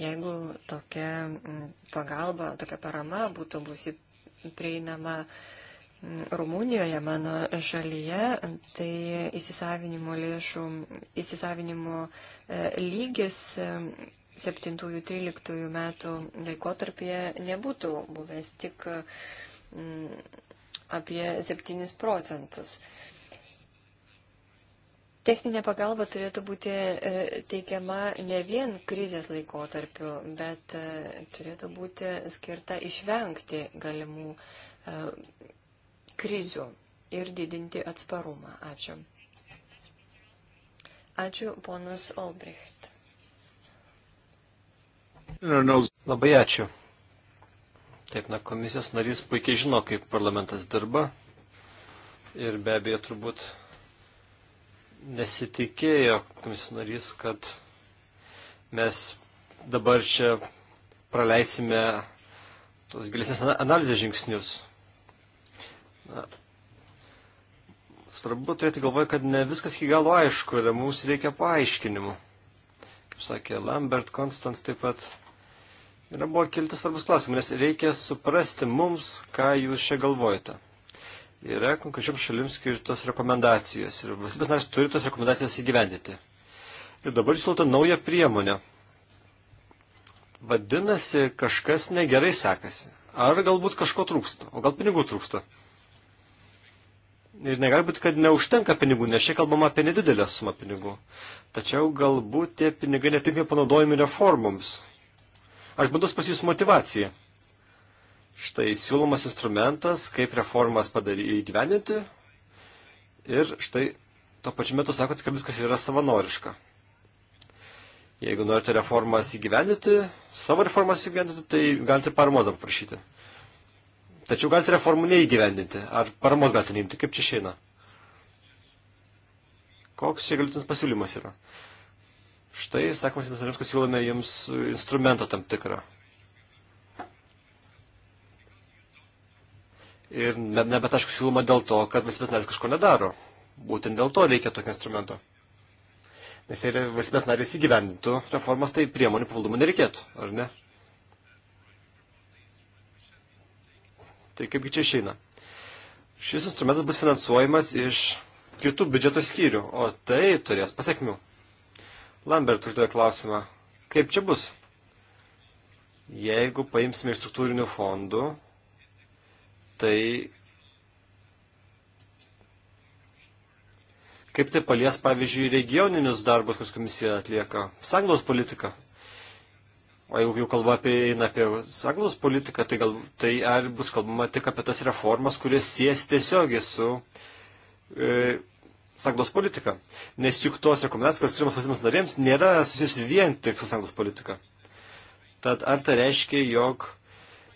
Jeigu tokia pagalba, tokia parama būtų būsi prieinama Rumunijoje, mano šalyje, tai įsisavinimo lėšų, įsisavinimo e, lygis 7-13 e, metų laikotarpyje nebūtų buvęs tik apie 7 procentus. Techninė pagalba turėtų būti e, teikiama ne vien krizės laikotarpiu, bet e, turėtų būti skirta išvengti galimų e, krizių ir didinti atsparumą. Ačiū. Ačiū, ponas Olbricht. Labai ačiū. Taip, na, komisijos narys puikiai žino, kaip parlamentas dirba. Ir be abejo, turbūt nesitikėjo komisijos narys, kad mes dabar čia praleisime tos gilesnės analizės žingsnius. Na, svarbu turėti galvoje, kad ne viskas iki galo aišku ir mums reikia paaiškinimų. Kaip sakė Lambert, Konstans taip pat. Ir buvo kiltas svarbus klausimas, nes reikia suprasti mums, ką jūs čia galvojate yra konkrečioms šalims skirtos rekomendacijos ir valstybės narės turi tas rekomendacijas įgyvendinti. Ir dabar siūlota nauja priemonė. Vadinasi, kažkas negerai sekasi. Ar galbūt kažko trūksta, o gal pinigų trūksta. Ir negali būti, kad neužtenka pinigų, nes čia kalbama apie nedidelę sumą pinigų. Tačiau galbūt tie pinigai netinkamai panaudojami reformoms. Aš bandau pas jūsų motivaciją. Štai siūlomas instrumentas, kaip reformas padaryti įgyveninti. Ir štai tuo pačiu metu sakote, kad viskas yra savanoriška. Jeigu norite reformas įgyvendinti, savo reformas įgyvendinti, tai galite paramos dar prašyti. Tačiau galite reformų neįgyvendinti, ar paramos galite neimti, kaip čia išeina. Koks čia galutinis pasiūlymas yra? Štai, sakoma, mes siūlome jums instrumentą tam tikrą. Ir nebent aišku siūloma dėl to, kad valstybės narės kažko nedaro. Būtent dėl to reikia tokio instrumento. Nes jei valstybės narės įgyvendintų reformas, tai priemonių pavaldumų nereikėtų, ar ne? Tai kaipgi čia išeina? Šis instrumentas bus finansuojamas iš kitų biudžeto skyrių, o tai turės pasiekmių. Lambert uždavė klausimą, kaip čia bus? Jeigu paimsime iš struktūrinių fondų tai kaip tai palies, pavyzdžiui, regioninius darbus, kuriuos komisija atlieka, sanglos politika. O jeigu jau kalba apie, eina apie sanglos politiką, tai, gal, tai ar bus kalbama tik apie tas reformas, kurias sies tiesiogiai su e, sanglos politika. Nes juk tos rekomendacijos, kurios skirimas valstybėms narėms, nėra susijusi vien tik su sanglos politika. Tad ar tai reiškia, jog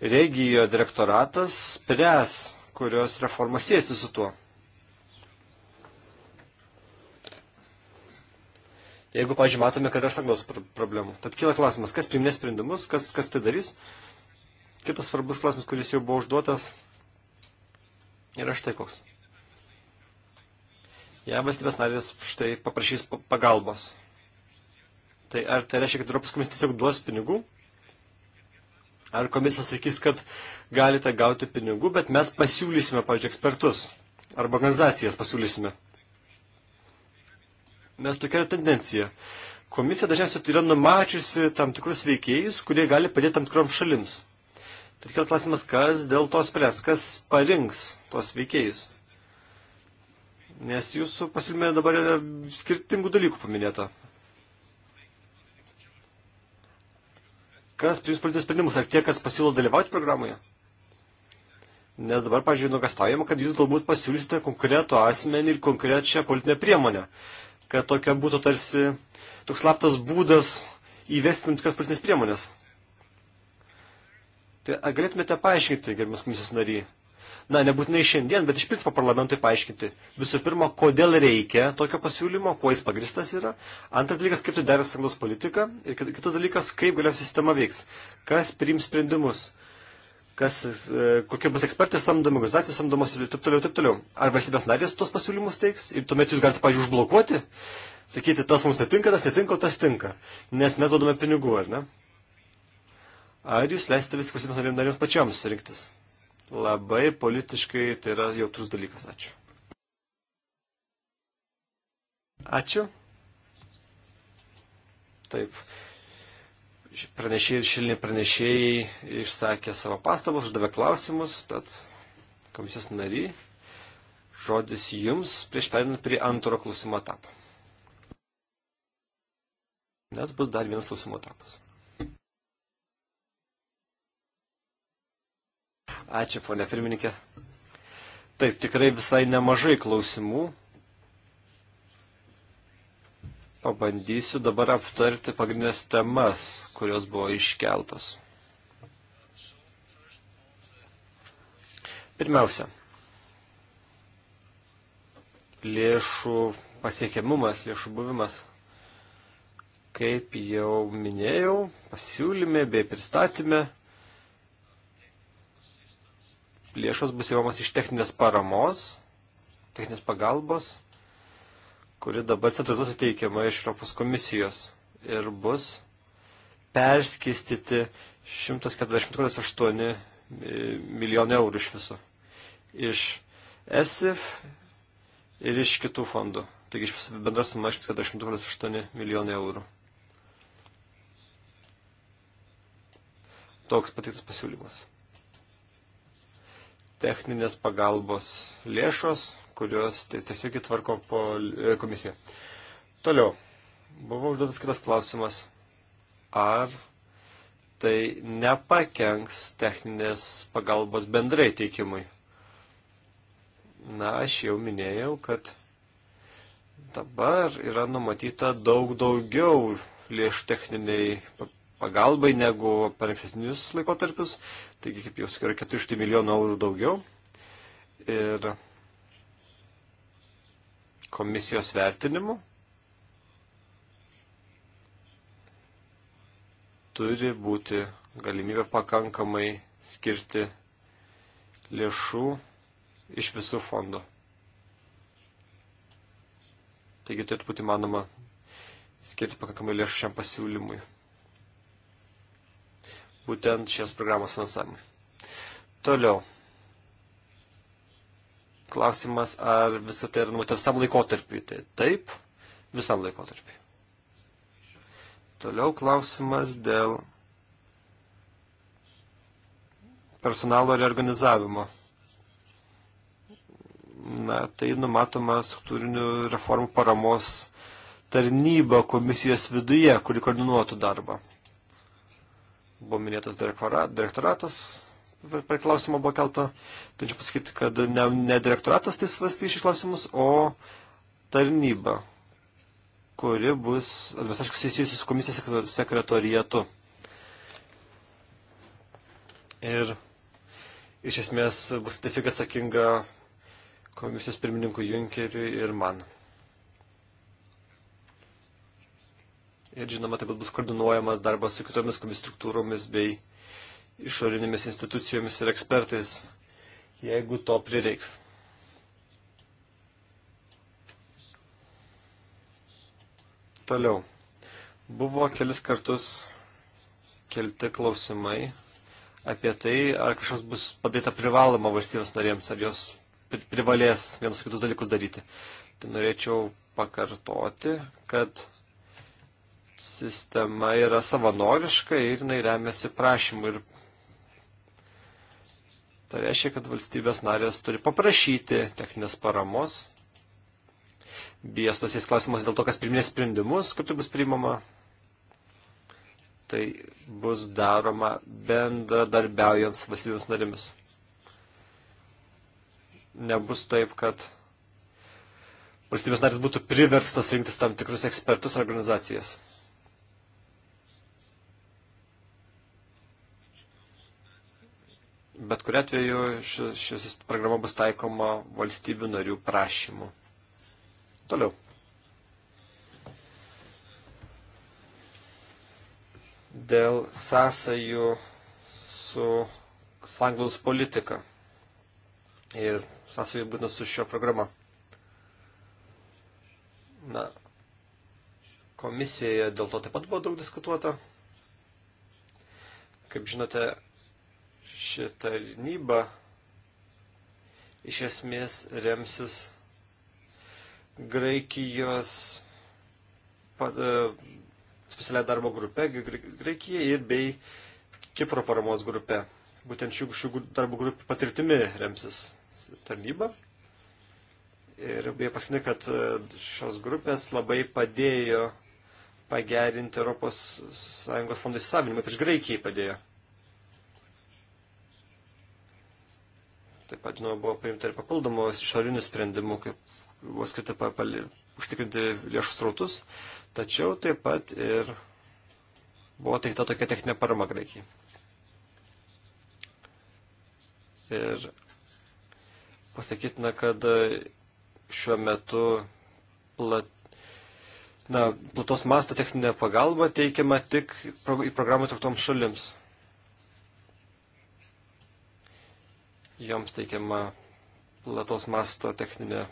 regijo direktoratas spręs, kurios reformos siejasi su tuo. Jeigu, pažiūrėjau, matome, kad yra saglos problemų. Tad kyla klausimas, kas priminės sprendimus, kas, kas tai darys. Kitas svarbus klausimas, kuris jau buvo užduotas, yra štai koks. Jei ja, valstybės narės štai paprašys pagalbos, tai ar tai reiškia, kad Europos komisija tiesiog duos pinigų Ar komisija sakys, kad galite gauti pinigų, bet mes pasiūlysime, pavyzdžiui, ekspertus arba organizacijas pasiūlysime. Nes tokia yra tendencija. Komisija dažniausiai yra numačiusi tam tikrus veikėjus, kurie gali padėti tam tikroms šalims. Tad kėl klausimas, kas dėl to spręs, kas parinks tos veikėjus. Nes jūsų pasiūlyme dabar yra skirtingų dalykų paminėta. Kas priims politinius sprendimus? Ar tie, kas pasiūlo dalyvauti programoje? Nes dabar, pažiūrėjau, nuogastaujama, kad jūs galbūt pasiūlysite konkretų asmenį ir konkrečią politinę priemonę. Kad tokia būtų tarsi toks slaptas būdas įvesti tam tikras politinės priemonės. Tai ar galėtumėte paaiškinti, gerbiamas komisijos nariai, na, nebūtinai šiandien, bet iš principo parlamentui paaiškinti visų pirma, kodėl reikia tokio pasiūlymo, kuo jis pagristas yra. Antras dalykas, kaip tai daro sanglos politika. Ir kitas dalykas, kaip galiausiai sistema veiks. Kas priims sprendimus. Kas, e, kokie bus ekspertai samdomi, organizacijos samdomos ir taip toliau, taip toliau. Ar valstybės narės tos pasiūlymus teiks ir tuomet jūs galite, pavyzdžiui, užblokuoti, sakyti, tas mums netinka, tas netinka, tas tinka, nes mes duodame pinigų, ar ne? Ar jūs leisite viską valstybės narėms pačiams rinktis? labai politiškai tai yra jautrus dalykas. Ačiū. Ačiū. Taip. Pranešėjai ir šilni pranešėjai išsakė savo pastabas, uždavė klausimus, tad komisijos nariai, žodis jums prieš perinant prie antro klausimo etapo. Nes bus dar vienas klausimo etapas. Ačiū, ponė pirmininkė. Taip, tikrai visai nemažai klausimų. Pabandysiu dabar aptarti pagrindinės temas, kurios buvo iškeltos. Pirmiausia, lėšų pasiekiamumas, lėšų buvimas. Kaip jau minėjau, pasiūlyme bei pristatyme lėšos bus įmamos iš techninės paramos, techninės pagalbos, kuri dabar centralizuotai teikiama iš Europos komisijos ir bus perskistyti 148 milijonų eurų iš viso. Iš ESIF ir iš kitų fondų. Taigi iš viso bendras suma 148 milijonai eurų. Toks patiktas pasiūlymas techninės pagalbos lėšos, kurios tai tiesiog įtvarko e, komisija. Toliau, buvo užduotas kitas klausimas, ar tai nepakenks techninės pagalbos bendrai teikimui. Na, aš jau minėjau, kad dabar yra numatyta daug daugiau lėšų techniniai pagalbai negu per ankstesnius laikotarpius, taigi kaip jau sakiau, yra 400 milijonų eurų daugiau. Ir komisijos vertinimu turi būti galimybė pakankamai skirti lėšų iš visų fondų. Taigi turėtų būti manoma skirti pakankamai lėšų šiam pasiūlymui būtent šios programos finansavimui. Toliau. Klausimas, ar visą tai yra numatyta visam laikotarpiu. Tai taip, visam laikotarpiu. Toliau klausimas dėl personalo reorganizavimo. Na, tai numatoma struktūrinių reformų paramos tarnyba komisijos viduje, kuri koordinuotų darbą. Buvo minėtas direktoratas, per klausimą buvo kelta. Tačiau pasakyti, kad ne, ne direktoratas tai svastys šį klausimus, o tarnyba, kuri bus administraškai susijusi su komisijos sekretorijatu. Ir iš esmės bus tiesiog atsakinga komisijos pirmininkų Junkeriui ir man. Ir žinoma, taip pat bus koordinuojamas darbas su kitomis komis struktūromis bei išorinėmis institucijomis ir ekspertais, jeigu to prireiks. Toliau. Buvo kelis kartus kelti klausimai apie tai, ar kažkas bus padaryta privaloma valstybės narėms, ar jos privalės vienus kitus dalykus daryti. Tai norėčiau pakartoti, kad sistema yra savanoriška ir jinai remiasi prašymu. Ir tai reiškia, kad valstybės narės turi paprašyti techninės paramos. Bijos tosiais klausimas dėl to, kas priminės sprendimus, kaip tai bus priimama. Tai bus daroma bendradarbiaujant su valstybėms narėmis. Nebus taip, kad valstybės narės būtų priverstas rinktis tam tikrus ekspertus organizacijas. Bet kuriu atveju šis, šis programa bus taikoma valstybių narių prašymu. Toliau. Dėl sąsajų su sanglus politika ir sąsajų būtent su šio programa. Na, komisijoje dėl to taip pat buvo daug diskutuota. Kaip žinote, ši tarnyba iš esmės remsis Graikijos e, specialia darbo grupė, Graikija ir bei Kipro paramos grupė. Būtent šių, šių darbo grupių patirtimi remsis tarnyba. Ir beje pasakinė, kad e, šios grupės labai padėjo pagerinti ES fondų įsisavinimą, ypač Graikijai padėjo. Taip pat, žinoma, buvo paimta ir papildomų išorinių sprendimų, kaip buvo skirta papali, užtikrinti lėšus rautus, tačiau taip pat ir buvo teikta tokia techninė parama Graikijai. Ir pasakytina, kad e, šiuo metu plat, na, platos masto techninė pagalba teikiama tik į programą toktoms šalims. joms teikiama plataus masto techninė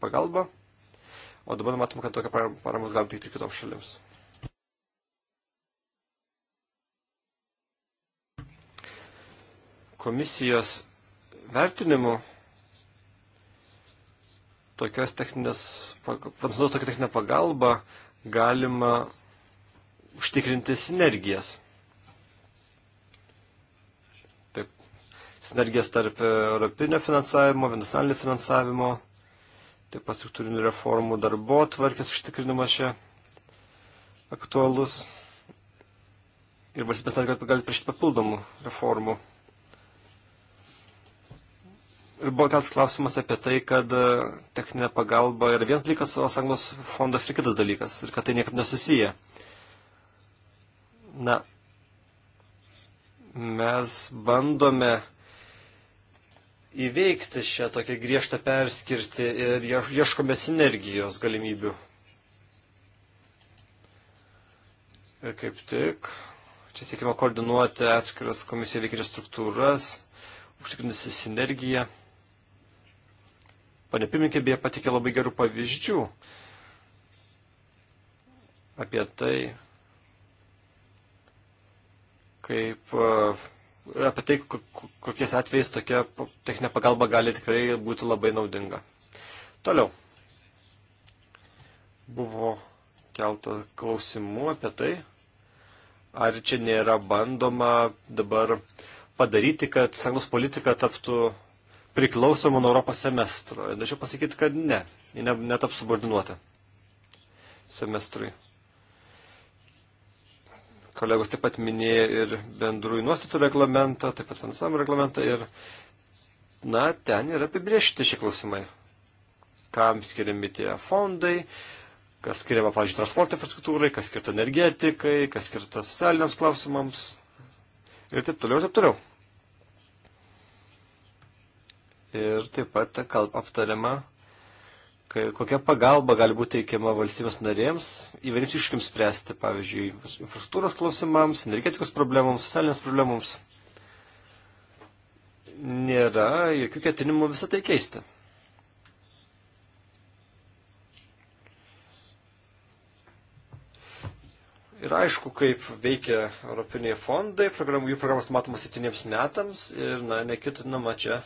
pagalba, o dabar matom, kad tokią paramą galim teikti kitoms šalims. Komisijos vertinimu tokios techninės, prancūzijos tokia techninė pagalba galima užtikrinti sinergijas. sinergijas tarp europinio finansavimo, vienasnalinio finansavimo, taip pat struktūrinių reformų darbo tvarkės užtikrinimas čia aktualus. Ir valstybės narė gali prašyti papildomų reformų. Ir buvo keltas klausimas apie tai, kad techninė pagalba yra vienas dalykas, o sanglos fondas yra kitas dalykas ir kad tai niekaip nesusiję. Na, mes bandome įveikti šią tokią griežtą perskirtį ir ieškome sinergijos galimybių. Ir kaip tik, čia siekime koordinuoti atskiras komisijų veikiančias struktūras, užtikrinti sinergiją. Pane pirmininkė beje patikė labai gerų pavyzdžių apie tai, kaip apie tai, kokiais atvejais tokia techninė pagalba gali tikrai būti labai naudinga. Toliau. Buvo keltą klausimų apie tai, ar čia nėra bandoma dabar padaryti, kad sąjungos politika taptų priklausoma nuo Europos semestro. Norėčiau pasakyti, kad ne, ji ne, netaps subordinuota semestrui. Kolegos taip pat minėjo ir bendrųjų nuostatų reglamentą, taip pat finansavimo reglamentą ir, na, ten yra apibriežti šie klausimai. Kam skiriami tie fondai, kas skiriama, pavyzdžiui, transporto infrastruktūrai, kas skirta energetikai, kas skirta socialiniams klausimams ir taip toliau, ir taip toliau. Ir taip pat kalb aptariama kokia pagalba gali būti teikiama valstybės narėms įvairiems iškims spręsti, pavyzdžiui, infrastruktūros klausimams, energetikos problemams, socialinės problemams. Nėra jokių ketinimų visą tai keisti. Ir aišku, kaip veikia europiniai fondai, program, jų programos matomas septyniems metams ir, na, nekitinama čia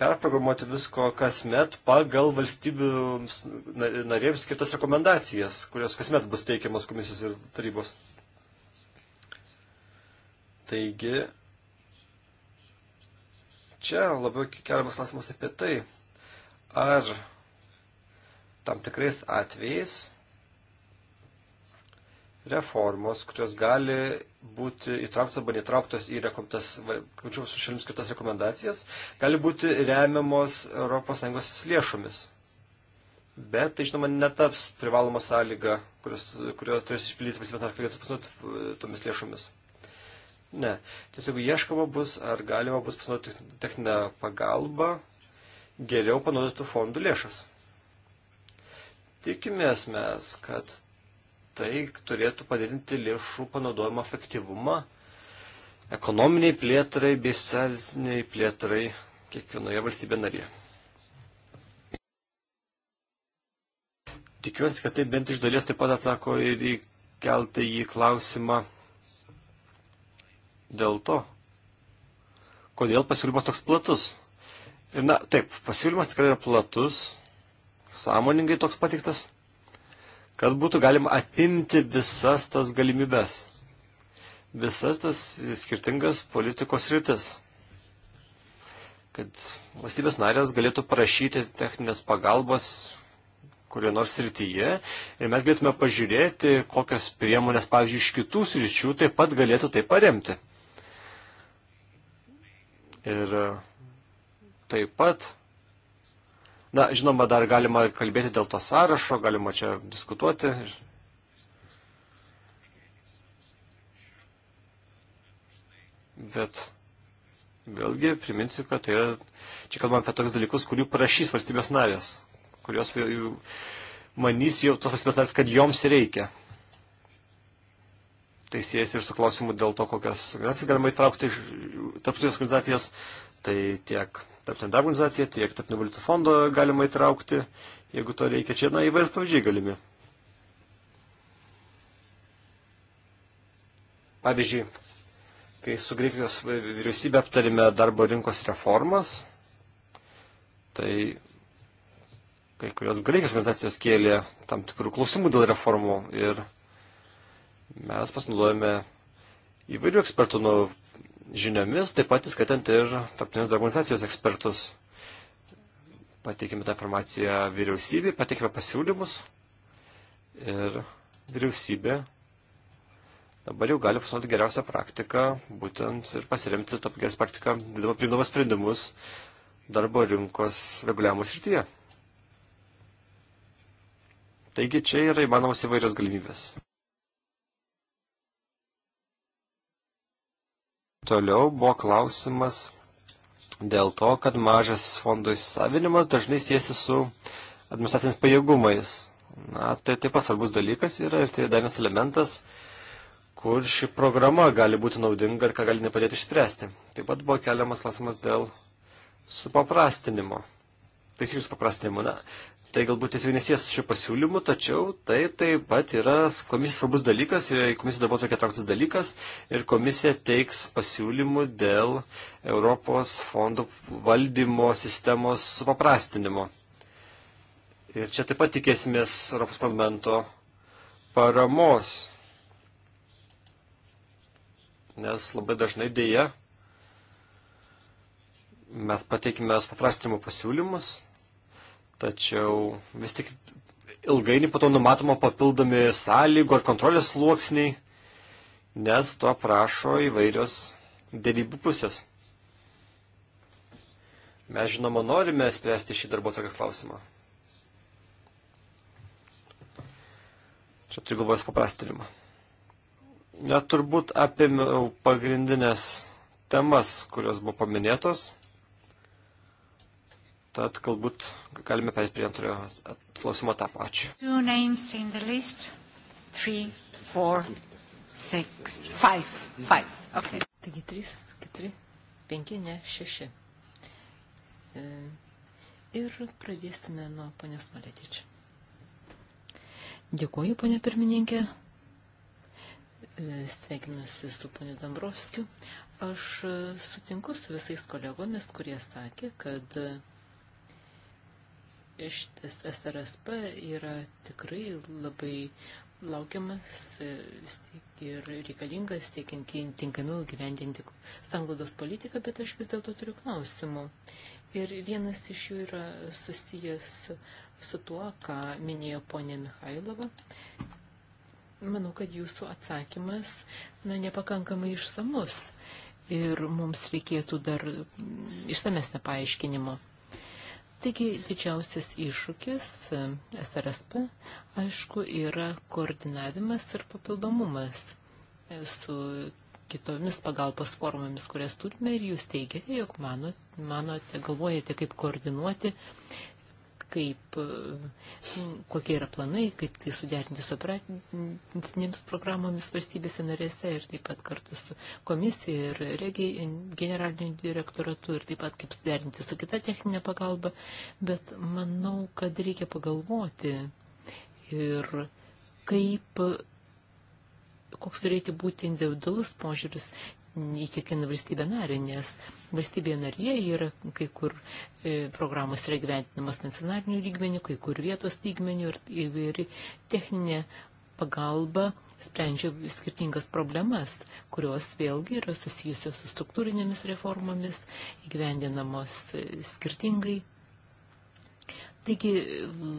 perprogramuoti visko kasmet pagal valstybių narėms skirtas rekomendacijas, kurios kasmet bus teikiamas komisijos ir tarybos. Taigi, čia labiau keliamas klausimas apie tai, ar tam tikrais atvejais reformos, kurios gali būti įtrauktos arba netrauktos į rekomtas, kučiūs šalims skirtas rekomendacijas, gali būti remiamos ES lėšomis. Bet tai, žinoma, netaps privaloma sąlyga, kurios, kurio turės išpildyti valstybės narės, kad galėtų pasinaudoti tomis lėšomis. Ne. Tiesiog ieškoma bus, ar galima bus pasinaudoti techninę pagalbą, geriau panaudotų fondų lėšas. Tikimės mes, kad tai turėtų padidinti lėšų panaudojimo efektyvumą ekonominiai plėtrai bei socialiniai plėtrai kiekvienoje valstybė narėje. Tikiuosi, kad tai bent iš dalies taip pat atsako ir į keltą į klausimą dėl to, kodėl pasiūlymas toks platus. Ir na, taip, pasiūlymas tikrai yra platus, sąmoningai toks patiktas kad būtų galima apimti visas tas galimybes, visas tas skirtingas politikos rytis, kad valstybės narės galėtų prašyti techninės pagalbos kurio nors srityje ir mes galėtume pažiūrėti, kokios priemonės, pavyzdžiui, iš kitų sričių taip pat galėtų tai paremti. Ir taip pat Na, žinoma, dar galima kalbėti dėl to sąrašo, galima čia diskutuoti. Bet vėlgi priminsiu, kad tai yra, čia kalbam apie tokius dalykus, kurių prašys valstybės narės, kurios manys jau tos valstybės narės, kad joms reikia. Tai siejasi ir su klausimu dėl to, kokias organizacijas galima įtraukti, tarptautinės organizacijas, tai tiek tarptautinę darbo organizaciją, tiek tarptautinio valiutų fondo galima įtraukti, jeigu to reikia. Čia na, įvairūs pavyzdžiai galimi. Pavyzdžiui, kai su Graikijos vyriausybė aptarėme darbo rinkos reformas, tai kai kurios Graikijos organizacijos kėlė tam tikrų klausimų dėl reformų ir mes pasinaudojame įvairių ekspertų nuo žiniomis, taip pat įskaitant ir tarptautinės organizacijos ekspertus. Pateikime tą informaciją vyriausybei, pateikime pasiūlymus ir vyriausybė dabar jau gali pasinaudoti geriausią praktiką, būtent ir pasiremti tą geriausią praktiką, priimdama sprendimus darbo rinkos reguliavimo srityje. Taigi čia yra įmanomos įvairios galimybės. Toliau buvo klausimas dėl to, kad mažas fondų įsisavinimas dažnai siesi su administraciniais pajėgumais. Na, tai taip pat svarbus dalykas yra ir tai dar vienas elementas, kur ši programa gali būti naudinga ir ką gali nepadėti išspręsti. Taip pat buvo keliamas klausimas dėl supaprastinimo taisyklių supaprastinimu. Na, tai galbūt tiesiog nesijęs su šiuo pasiūlymu, tačiau tai taip pat yra komisijos svarbus dalykas ir komisijos darbo tokia traktas dalykas ir komisija teiks pasiūlymų dėl Europos fondų valdymo sistemos supaprastinimo. Ir čia taip pat tikėsimės Europos parlamento paramos. Nes labai dažnai dėja mes pateikime supaprastinimo pasiūlymus, tačiau vis tik ilgainiui po to numatoma papildomi sąlygų ar kontrolės sluoksniai, nes to prašo įvairios dėrybų pusės. Mes žinoma norime spręsti šį darbo tokias klausimą. Čia turiu galvojęs paprastinimą. Net turbūt apimiau pagrindinės temas, kurios buvo paminėtos. Tad galbūt galime perėti prie antrojo klausimo etapo. Ačiū. List, three, four, six, five, five. Okay. Taigi 3, 4, 5, ne 6. E, ir pradėsime nuo ponios Maletičio. Dėkuoju, ponė pirmininkė. E, Sveikinusi su poniu Dombrovskiu. Aš sutinku su visais kolegomis, kurie sakė, kad šitas SRSP yra tikrai labai laukiamas e, ir reikalingas siekiant tinkamiau gyvendinti sanglaudos politiką, bet aš vis dėlto turiu klausimų. Ir vienas iš jų yra susijęs su tuo, ką minėjo ponė Mihailova. Manau, kad jūsų atsakymas na, nepakankamai išsamus ir mums reikėtų dar išsamesnio paaiškinimo. Taigi didžiausias iššūkis e, SRSP, aišku, yra koordinavimas ir papildomumas e, su kitomis pagalbos formomis, kurias turime ir jūs teigiate, jog manote, manote galvojate, kaip koordinuoti kaip, e, nu, kokie yra planai, kaip tai suderinti su operacinėms programomis valstybėse narėse ir taip pat kartu su komisija ir regiai generaliniu direktoratu ir taip pat kaip suderinti su kita techninė pagalba, bet manau, kad reikia pagalvoti ir kaip, koks turėtų būti individualus požiūris į kiekvieną valstybę narį, nes valstybėje narėje yra kai kur e, programos yra gyventinamas nacionalinių lygmenių, kai kur vietos lygmenių ir įvairi techninė pagalba sprendžia skirtingas problemas, kurios vėlgi yra susijusios su struktūrinėmis reformomis, įgyvendinamos e, skirtingai. Taigi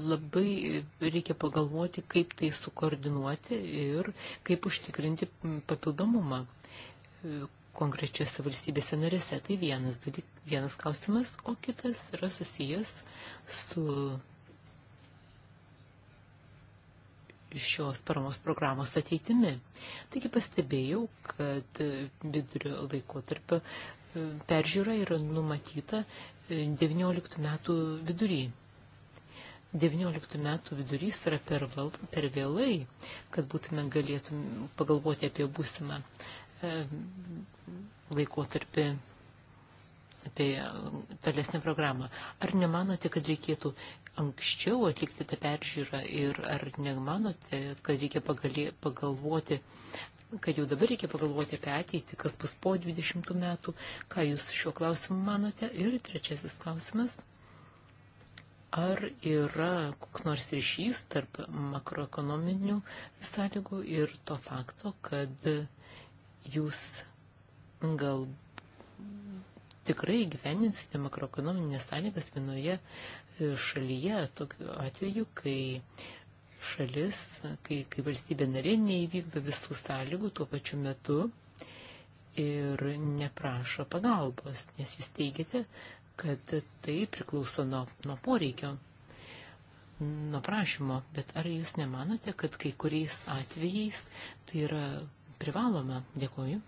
labai reikia pagalvoti, kaip tai sukoordinuoti ir kaip užtikrinti papildomumą e, konkrečiose valstybėse narėse. Tai vienas, dalyk, vienas klausimas, o kitas yra susijęs su šios paramos programos ateitimi. Taigi pastebėjau, kad vidurio laikotarpio e, peržiūra yra numatyta 19 e, metų vidury. 19 metų vidurys yra per, val, per vėlai, kad būtume galėtum pagalvoti apie būsimą E, laikotarpį apie tolesnę programą. Ar nemanote, kad reikėtų anksčiau atlikti tą peržiūrą ir ar nemanote, kad reikia pagalė, pagalvoti, kad jau dabar reikia pagalvoti apie ateitį, kas bus po 20 metų, ką jūs šiuo klausimu manote. Ir trečiasis klausimas, ar yra koks nors ryšys tarp makroekonominių sąlygų ir to fakto, kad jūs gal tikrai gyveninsite makroekonominės sąlygas vienoje e, šalyje, tokiu atveju, kai šalis, kai, kai valstybė narė neįvykdo visų sąlygų tuo pačiu metu ir neprašo pagalbos, nes jūs teigiate, kad tai priklauso nuo, nuo poreikio, nuo prašymo, bet ar jūs nemanote, kad kai kuriais atvejais tai yra privaloma. Dėkuoju.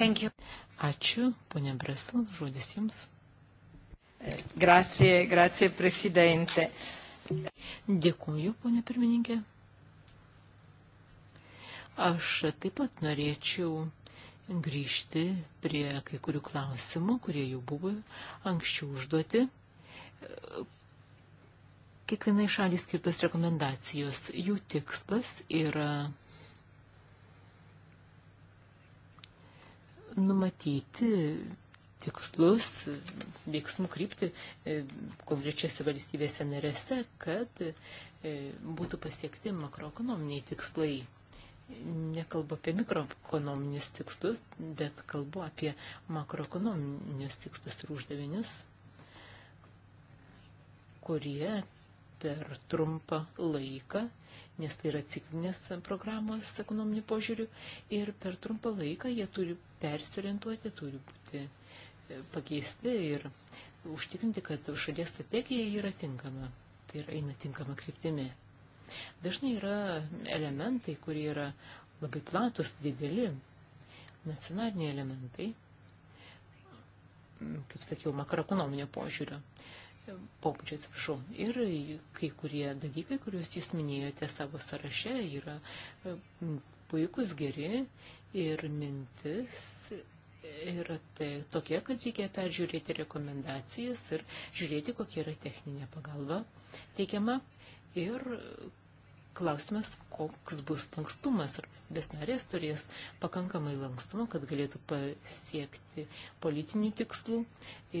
Thank you. Ačiū, ponė Bresl, žodis jums. Grazie, grazie, prezidente. Dėkuoju, ponė pirmininkė. Aš taip pat norėčiau grįžti prie kai kurių klausimų, kurie jau buvo anksčiau užduoti. Kiekvienai šaliai skirtos rekomendacijos, jų tikslas yra numatyti tikslus, veiksmų krypti e, konkrečiose valstybėse narėse, kad e, būtų pasiekti makroekonominiai tikslai. Nekalbu apie mikroekonominius tikslus, bet kalbu apie makroekonominius tikslus ir uždavinius, kurie per trumpą laiką nes tai yra ciklinės programos ekonominių požiūrių ir per trumpą laiką jie turi persiorientuoti, turi būti e, pakeisti ir užtikrinti, kad šalies strategija yra tinkama, tai yra eina tinkama kryptimi. Dažnai yra elementai, kurie yra labai platus, dideli, nacionaliniai elementai, kaip sakiau, makroekonominio požiūrio pobūdžio, atsiprašau. Ir kai kurie dalykai, kuriuos jūs minėjote savo sąraše, yra puikus, geri ir mintis yra tai tokia, kad reikia peržiūrėti rekomendacijas ir žiūrėti, kokia yra techninė pagalba teikiama ir Klausimas, koks bus lankstumas, ar valstybės narės turės pakankamai lankstumo, kad galėtų pasiekti politinių tikslų.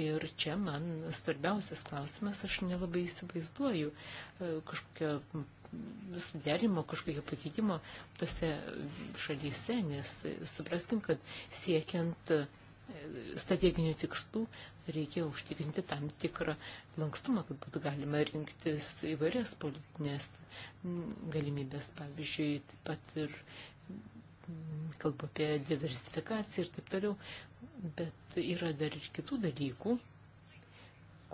Ir čia man svarbiausias klausimas, aš nelabai įsivaizduoju e, kažkokio suderimo, kažkokio pakeitimo tose šalyse, nes supraskim, kad siekiant e, strateginių tikslų reikia užtikrinti tam tikrą lankstumą, kad būtų galima rinktis įvairias politinės galimybės, pavyzdžiui, taip pat ir mm, kalbu apie diversifikaciją ir taip toliau, bet yra dar ir kitų dalykų,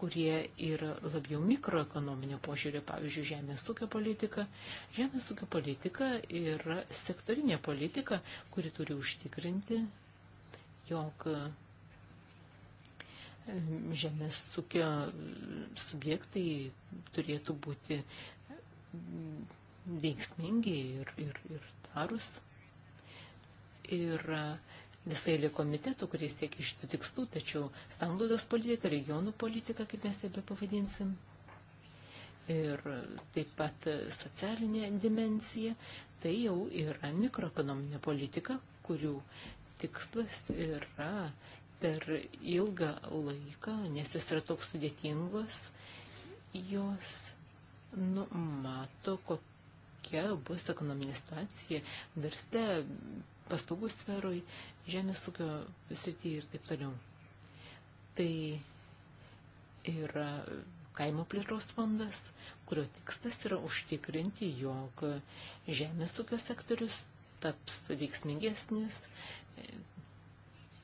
kurie yra labiau mikroekonominio požiūrio, pavyzdžiui, žemės ūkio politika. Žemės ūkio politika yra sektorinė politika, kuri turi užtikrinti, jog žemės ūkio subjektai turėtų būti veiksmingi ir, ir, ir tarus. Ir e, visai lė komitetų, kurie siekia šitų tikslų, tačiau sanglaudos politika, regionų politika, kaip mes ją bepavadinsim, ir taip pat socialinė dimensija, tai jau yra mikroekonominė politika, kurių tikslas yra per ilgą laiką, nes jos yra toks sudėtingos, jos numato, kokia bus ekonominė situacija verste, paslaugų sferoj, žemės ūkio srityje ir taip toliau. Tai yra kaimo plėtros fondas, kurio tikslas yra užtikrinti, jog žemės ūkio sektorius taps veiksmingesnis.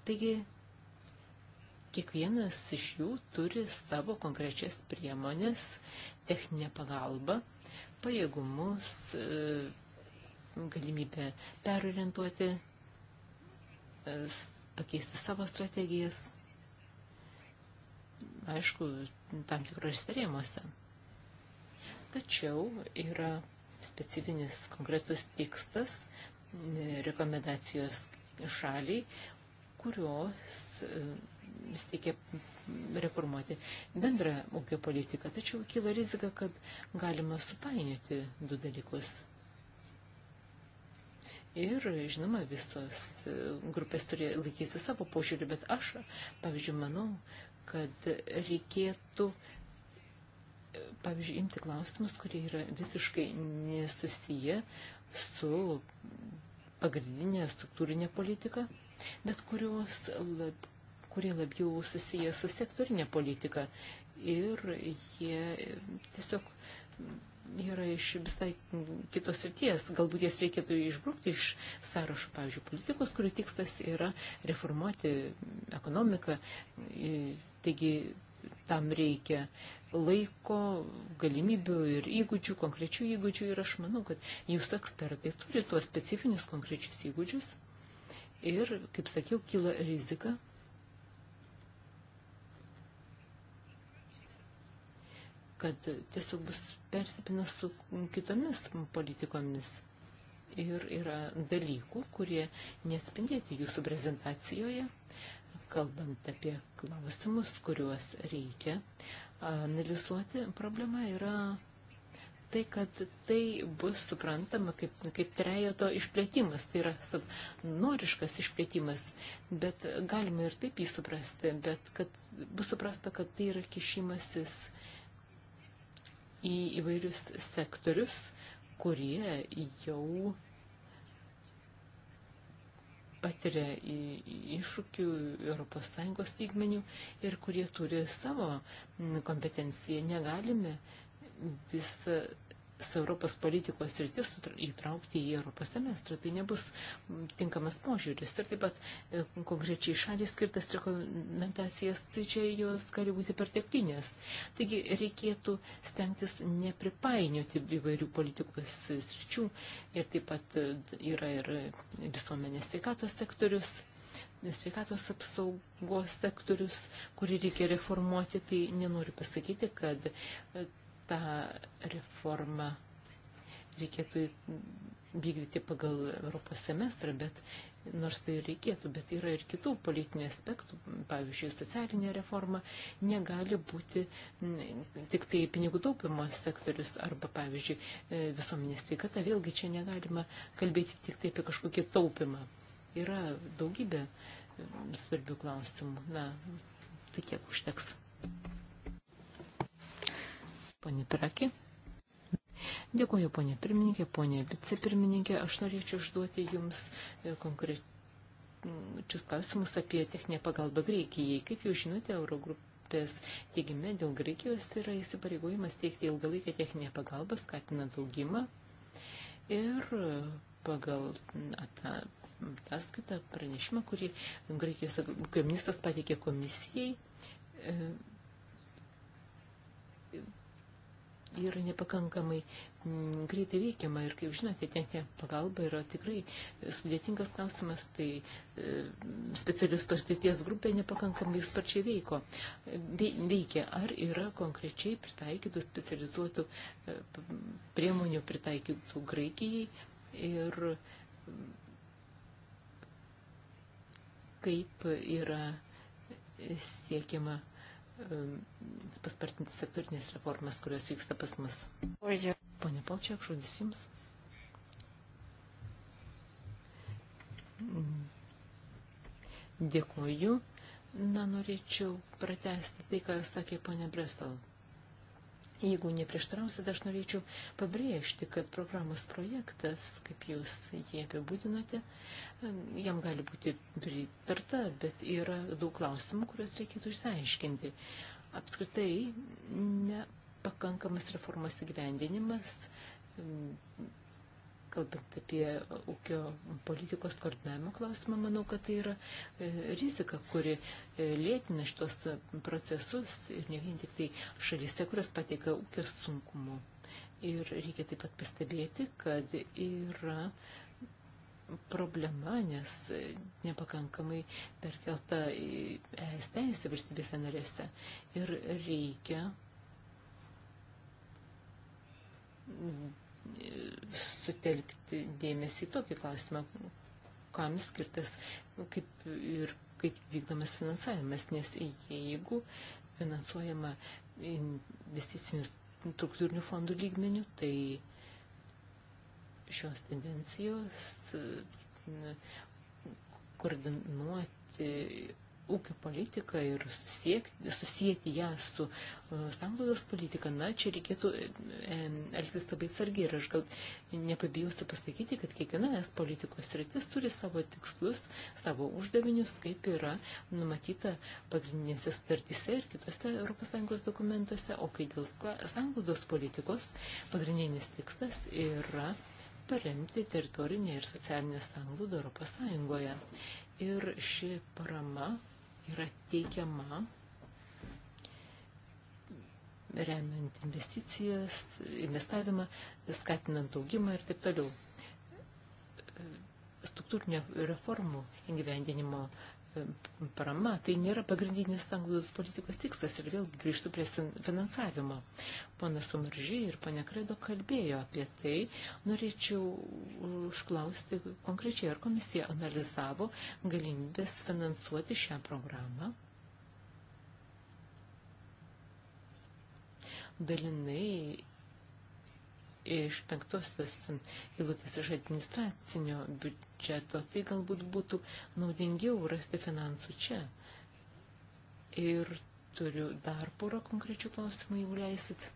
Taigi Kiekvienas iš jų turi savo konkrečias priemonės, techninę pagalbą, pajėgumus, e, galimybę perorientuoti, e, pakeisti savo strategijas, aišku, tam tikrose rėmose. Tačiau yra specifinis konkretus tikslas e, rekomendacijos šaliai, kurios siekia reformuoti bendrą ūkio politiką, tačiau kyla rizika, kad galima supainioti du dalykus. Ir, žinoma, visos grupės turi laikysi savo požiūrį, bet aš, pavyzdžiui, manau, kad reikėtų, pavyzdžiui, imti klausimus, kurie yra visiškai nesusiję su pagrindinė struktūrinė politika, bet kurios lab, kurie labiau susiję su sektorinė politika ir jie tiesiog yra iš visai kitos srities. Galbūt jas reikėtų išbrukti iš sąrašo, pavyzdžiui, politikos, kurių tikslas yra reformuoti ekonomiką. Taigi tam reikia laiko, galimybių ir įgūdžių, konkrečių įgūdžių ir aš manau, kad jūsų ekspertai turi tuos specifinius konkrečius įgūdžius ir, kaip sakiau, kyla rizika, kad tiesiog bus persipina su kitomis politikomis. Ir yra dalykų, kurie nespindėti jūsų prezentacijoje, kalbant apie klausimus, kuriuos reikia analizuoti. Problema yra tai, kad tai bus suprantama kaip, kaip trejato išplėtimas, tai yra noriškas išplėtimas, bet galima ir taip jį suprasti, bet kad bus suprasta, kad tai yra kišimasis į įvairius sektorius, kurie jau patiria iššūkių ES lygmenių ir kurie turi savo mm, kompetenciją. Negalime visą Europos politikos rytis įtraukti į Europos semestrą. Tai nebus tinkamas požiūris. Ir taip pat e, konkrečiai šaliai skirtas rekomendacijas, tai čia jos gali būti perteklinės. Taigi reikėtų stengtis nepripainioti įvairių politikos sričių. Ir taip pat e, yra ir visuomenės sveikatos sektorius sveikatos apsaugos sektorius, kurį reikia reformuoti, tai nenoriu pasakyti, kad e, tą reformą reikėtų vykdyti pagal Europos semestrą, bet nors tai reikėtų, bet yra ir kitų politinių aspektų, pavyzdžiui, socialinė reforma negali būti mm, tik tai pinigų taupimo sektorius arba, pavyzdžiui, e, visuomenės sveikata, vėlgi čia negalima kalbėti tik tai apie kažkokį taupimą. Yra daugybė mm, svarbių klausimų. Na, tai tiek užteks. Pone Praki. Dėkuoju, ponė pirmininkė, ponė vicepirmininkė. Aš norėčiau užduoti Jums e, konkrečius klausimus apie techninę pagalbą Greikijai. Kaip Jūs žinote, Eurogrupė grupės teigime dėl Graikijos yra įsipareigojimas teikti ilgalaikę techninę pagalbą, skatinant augimą. Ir pagal ataskaitą pranešimą, kurį Graikijos ministras pateikė komisijai, e, yra nepakankamai m, mm, greitai veikiama ir, kaip žinote, techninė pagalba yra tikrai sudėtingas klausimas, tai e, specialius patirties grupė nepakankamai sparčiai veiko. Veikia, ar yra konkrečiai pritaikytų specializuotų e, priemonių pritaikytų Graikijai ir kaip yra siekiama paspartinti sektorinės reformas, kurios vyksta pas mus. Pone Palčiak, žodis Jums. Dėkuoju. Na, norėčiau pratesti tai, ką sakė ponė Brestol. Jeigu neprieštrausite, aš norėčiau pabrėžti, kad programos projektas, kaip jūs jį apibūdinote, jam gali būti pritarta, bet yra daug klausimų, kuriuos reikėtų išsiaiškinti. Apskritai, nepakankamas reformos įgyvendinimas kalbant apie ūkio politikos koordinavimo klausimą, manau, kad tai yra e, rizika, kuri e, lėtina šitos procesus ir ne vien tik tai šalyse, kurios pateikia ūkio sunkumų. Ir reikia taip pat pastebėti, kad yra problema, nes nepakankamai perkelta į ES teisę valstybėse narėse. Ir reikia sutelkti dėmesį į tokį klausimą, kam skirtas kaip ir kaip vykdomas finansavimas, nes jeigu finansuojama investicinių struktūrinių fondų lygmenių, tai šios tendencijos koordinuoti ūkio politiką ir susiekti, susijęti ją su e, sanglaudos politika, na, čia reikėtų e, elgtis labai sargiai ir aš gal nepabijausiu pasakyti, kad kiekviena es politikos rytis turi savo tikslus, savo uždavinius, kaip yra numatyta pagrindinėse sutartyse ir kitose ES dokumentuose, o kai dėl sanglaudos politikos pagrindinis tikslas yra paremti teritorinę ir socialinę sanglaudą ES. Ir ši parama yra teikiama remiant investicijas, investavimą, skatinant augimą ir taip toliau. Struktūrinio reformų įgyvendinimo E, parama, tai nėra pagrindinis anglos politikos tikslas ir vėl grįžtų prie finansavimo. Ponas Sumaržiai ir ponė Kredo kalbėjo apie tai. Norėčiau užklausti konkrečiai, ar komisija analizavo galimybės finansuoti šią programą. Dalinai iš penktosios eilutės iš administracinio biudžeto, tai galbūt būtų naudingiau rasti finansų čia. Ir turiu dar porą konkrečių klausimų, jeigu leisit.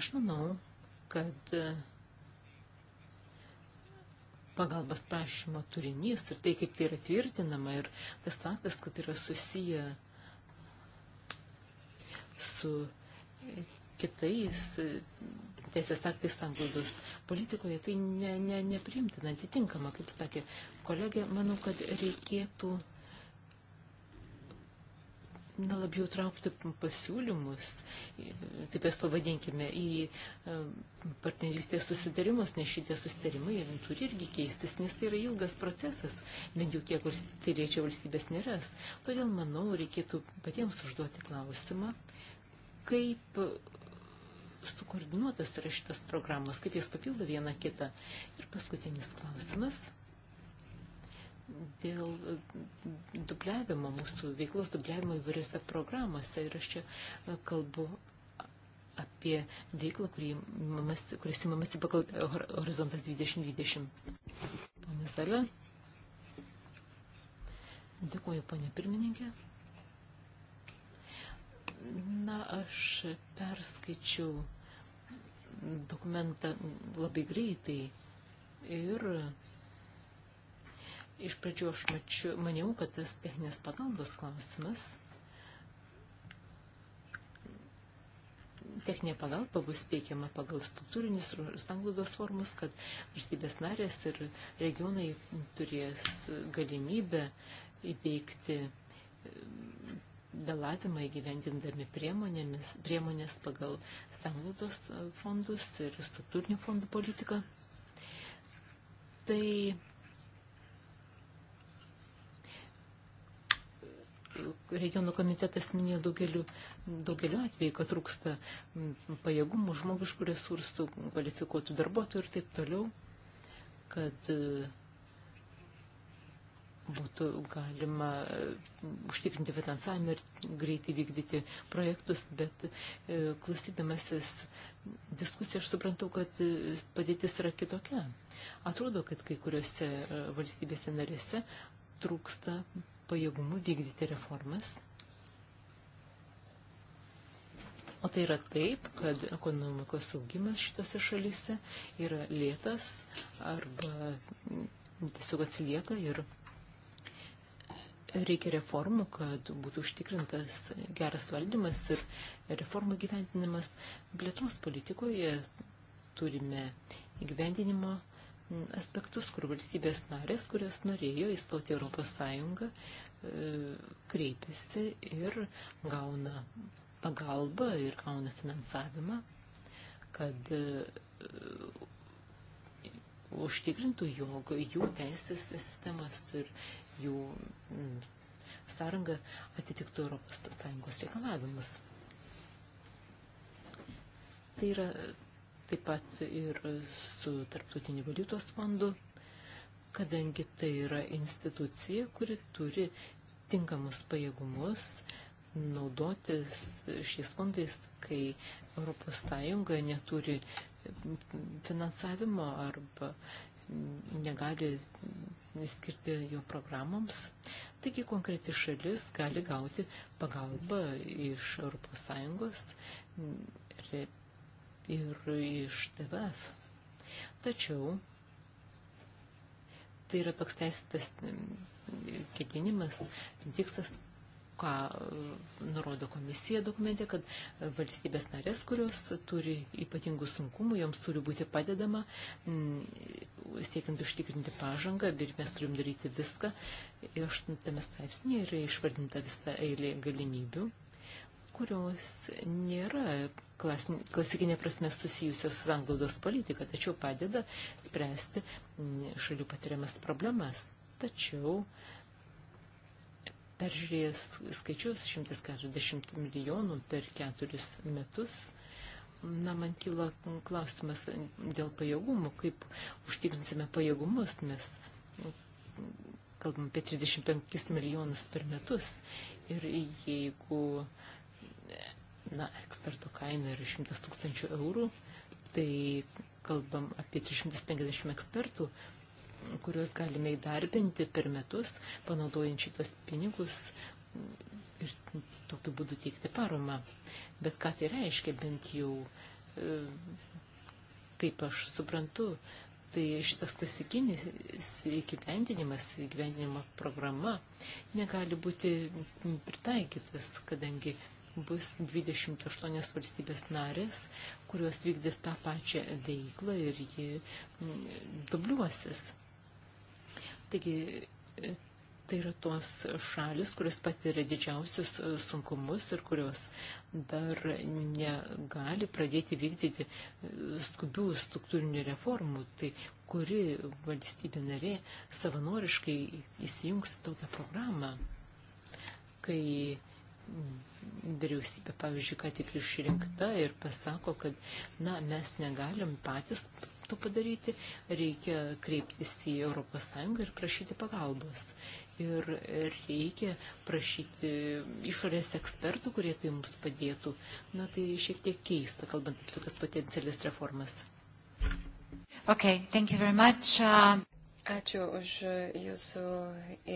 Aš manau, kad e, pagalbos prašymo turinys ir tai, kaip tai yra tvirtinama ir tas faktas, kad tai yra susiję su kitais e, teisės aktais sanglaudos politikoje, tai ne, ne, neprimtina, atitinkama, kaip sakė kolegė, manau, kad reikėtų na, labiau traukti pasiūlymus, e, taip jas pavadinkime, į e, partnerystės susidarimus, nes šitie susidarimai turi irgi keistis, nes tai yra ilgas procesas, bent jau kiek tai reičia valstybės neras. Todėl, manau, reikėtų patiems užduoti klausimą, kaip sukoordinuotos yra šitas programos, kaip jis papildo vieną kitą. Ir paskutinis klausimas dėl e, dubliavimo, mūsų veiklos dubliavimo įvairiose programuose. Ir aš čia e, kalbu apie veiklą, kuris įmamasi pagal Horizontas 2020. Pane Zalė, dėkuoju, pane pirmininkė. Na, aš perskaičiau dokumentą labai greitai ir iš pradžių aš mačiu, maniau, kad tas techninės pagalbos klausimas, techninė pagalba bus teikiama pagal struktūrinius sanglaudos formus, kad valstybės narės ir regionai turės galimybę įveikti vėlavimą įgyvendindami priemonės pagal sanglaudos fondus ir struktūrinių fondų politiką. Tai regionų komitetas minėjo daugeliu, daugeliu atveju, kad trūksta pajėgumų, žmogiškų resursų, kvalifikuotų darbuotojų ir taip toliau, kad būtų galima e, užtikrinti finansavimą ir greitai vykdyti projektus, bet e, klausydamasis diskusiją aš suprantu, kad e, padėtis yra kitokia. Atrodo, kad kai kuriuose valstybėse narėse trūksta pajėgumų vykdyti reformas. O tai yra taip, kad ekonomikos augimas šitose šalyse yra lėtas arba tiesiog atsilieka ir reikia reformų, kad būtų užtikrintas geras valdymas ir reformų gyventinimas. Plėtros politikoje turime gyvendinimo aspektus, kur valstybės narės, kurios norėjo įstoti Europos Sąjungą, e, kreipiasi ir gauna pagalbą ir gauna finansavimą, kad e, užtikrintų, jog jų teisės sistemas ir jų mm, sąranga atitiktų Europos Sąjungos reikalavimus. Tai yra taip pat ir su Tarptautiniu valiutos fondu, kadangi tai yra institucija, kuri turi tinkamus pajėgumus naudotis šiais fondais, kai Europos Sąjunga neturi finansavimo arba negali skirti jų programoms. Taigi konkreti šalis gali gauti pagalbą iš ES ir, ir iš TVF. Tačiau tai yra toks teisėtas mm, ketinimas, tikslas, ką e, nurodo komisija dokumente, kad valstybės narės, kurios turi ypatingų sunkumų, joms turi būti padedama, mm, siekiant užtikrinti pažangą ir mes turim daryti viską. Aštuntame straipsnėje yra išvardinta visa eilė galimybių kurios nėra klasikinė prasme susijusios su sanglaudos politika, tačiau padeda spręsti mm, šalių patiriamas problemas. Tačiau uh, peržiūrėjęs skaičius 140 milijonų per keturis metus. Na, man kyla klausimas dėl pajėgumų, kaip užtikrinsime pajėgumus, mes kalbam apie 35 milijonus per metus ir jeigu na, eksporto kaina yra 100 tūkstančių eurų, tai kalbam apie 350 ekspertų, kuriuos galime įdarbinti per metus, panaudojant šitos pinigus ir tokiu būdu teikti paromą. Bet ką tai reiškia, bent jau, e, kaip aš suprantu, tai šitas klasikinis įgyvendinimas, įgyvendinimo programa negali būti pritaikytas, kadangi bus 28 valstybės narės, kurios vykdys tą pačią veiklą ir ji mm, dubliuosis. Taigi, e, tai yra tos šalis, kurios patiria didžiausius e, sunkumus ir kurios dar negali pradėti vykdyti e, skubių struktūrinių reformų. Tai kuri valstybė narė savanoriškai įsijungs tokią programą, kai vyriausybė, pavyzdžiui, ką tik išrinkta ir pasako, kad, na, mes negalim patys to padaryti, reikia kreiptis į ES ir prašyti pagalbos. Ir reikia prašyti išorės ekspertų, kurie tai mums padėtų. Na, tai šiek tiek keista, kalbant apie tokias potencialis reformas. Okay, thank you very much. Uh... Ačiū už jūsų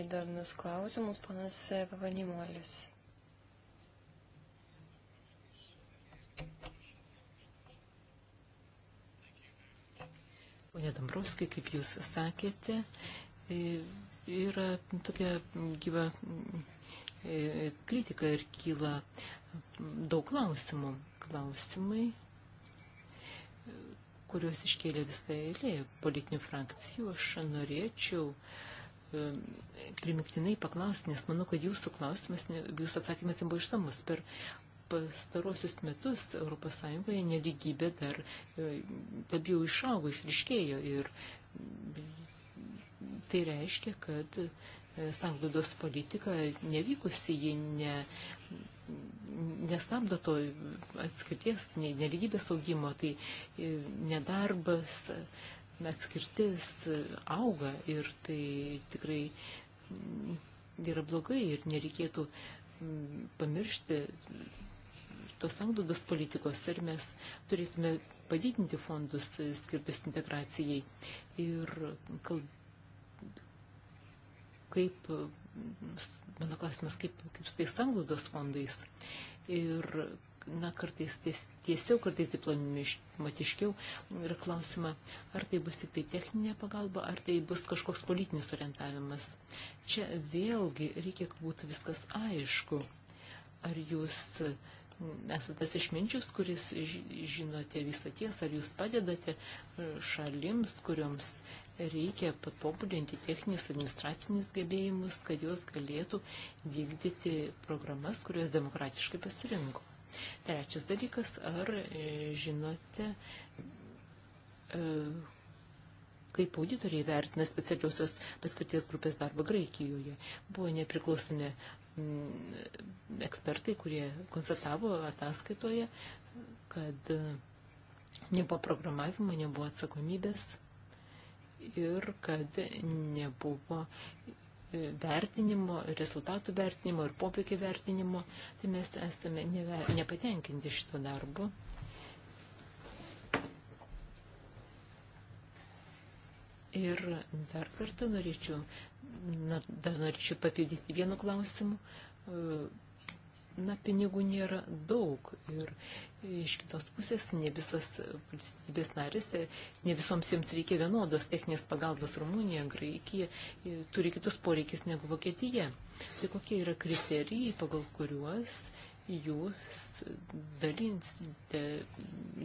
įdomius klausimus, panas Pavanimolis. Pone Dambrauskai, kaip jūs sakėte, e, yra tokia gyva e, kritika ir kyla daug klausimų. Klausimai, kuriuos iškėlė visą eilė politinių frakcijų, aš norėčiau e, primiktinai paklausti, nes manau, kad jūsų klausimas, jūsų atsakymas nebuvo išsamus. Per pastarosius metus ES neligybė dar labiau e, išaugo, išriškėjo ir tai reiškia, kad e, sanglaudos politika nevykusi, ji ne, nestabdo to atskirties, neligybės augimo, tai e, nedarbas, atskirtis auga ir tai tikrai yra blogai ir nereikėtų pamiršti tos sanglaudos politikos ir mes turėtume padidinti fondus skirtus integracijai. Ir kal... kaip, mano klausimas, kaip, kaip su tais sanglaudos fondais. Ir, na, kartais ties, tiesiau, kartais diplomatiškiau. Ir klausimą, ar tai bus tik tai techninė pagalba, ar tai bus kažkoks politinis orientavimas. Čia vėlgi reikia, kad būtų viskas aišku. Ar jūs uh, esate tas išminčius, kuris žinote visą tiesą, ar jūs padedate e, šalims, kurioms reikia patobulinti techninius administracinius gebėjimus, kad jos galėtų vykdyti programas, kurios demokratiškai pasirinko. Trečias dalykas, ar e, žinote, e, kaip auditoriai vertina specialiosios paskirties grupės darbą Graikijoje. Buvo nepriklausomi Mm, ekspertai, kurie konstatavo ataskaitoje, kad mm, nebuvo programavimo, nebuvo atsakomybės ir kad nebuvo e, vertinimo, rezultatų vertinimo ir poveikio vertinimo, tai mes esame nepatenkinti šito darbu Ir dar kartą norėčiau, na, dar norėčiau papildyti vienu klausimu. E, na, pinigų nėra daug ir iš kitos pusės ne visos valstybės narės, e, ne visoms jiems reikia vienodos techninės pagalbos Rumunija, Graikija, e, turi kitus poreikis negu Vokietija. Tai kokie yra kriterijai, pagal kuriuos jūs dalinsite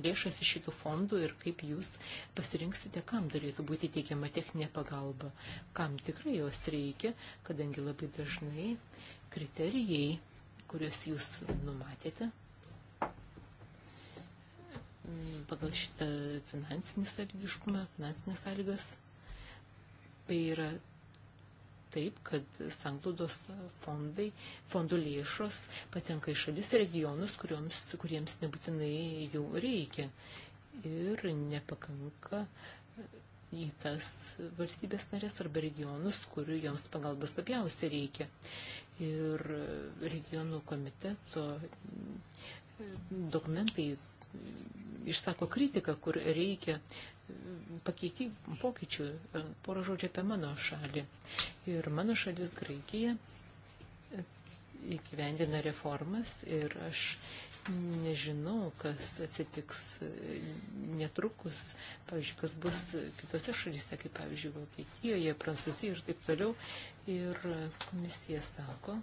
lėšas iš šitų fondų ir kaip jūs pasirinksite, kam turėtų būti teikiama techninė pagalba, kam tikrai jos reikia, kadangi labai dažnai kriterijai, kuriuos jūs numatėte pagal šitą finansinį sąlygiškumą, finansinės sąlygas, tai yra taip, kad sanglaudos fondai, fondų lėšos patenka į šalis regionus, kuriems, kuriems nebūtinai jų reikia. Ir nepakanka į tas valstybės narės arba regionus, kurių joms pagalbas labiausiai reikia. Ir regionų komiteto dokumentai išsako kritiką, kur reikia pakeiti pokyčių. E, porą žodžių apie mano šalį. Ir mano šalis Graikija įgyvendina reformas ir aš nežinau, kas atsitiks e, netrukus, pavyzdžiui, kas bus kitose šalyse, kaip pavyzdžiui, Vokietijoje, Prancūzijoje ir taip toliau. Ir komisija sako,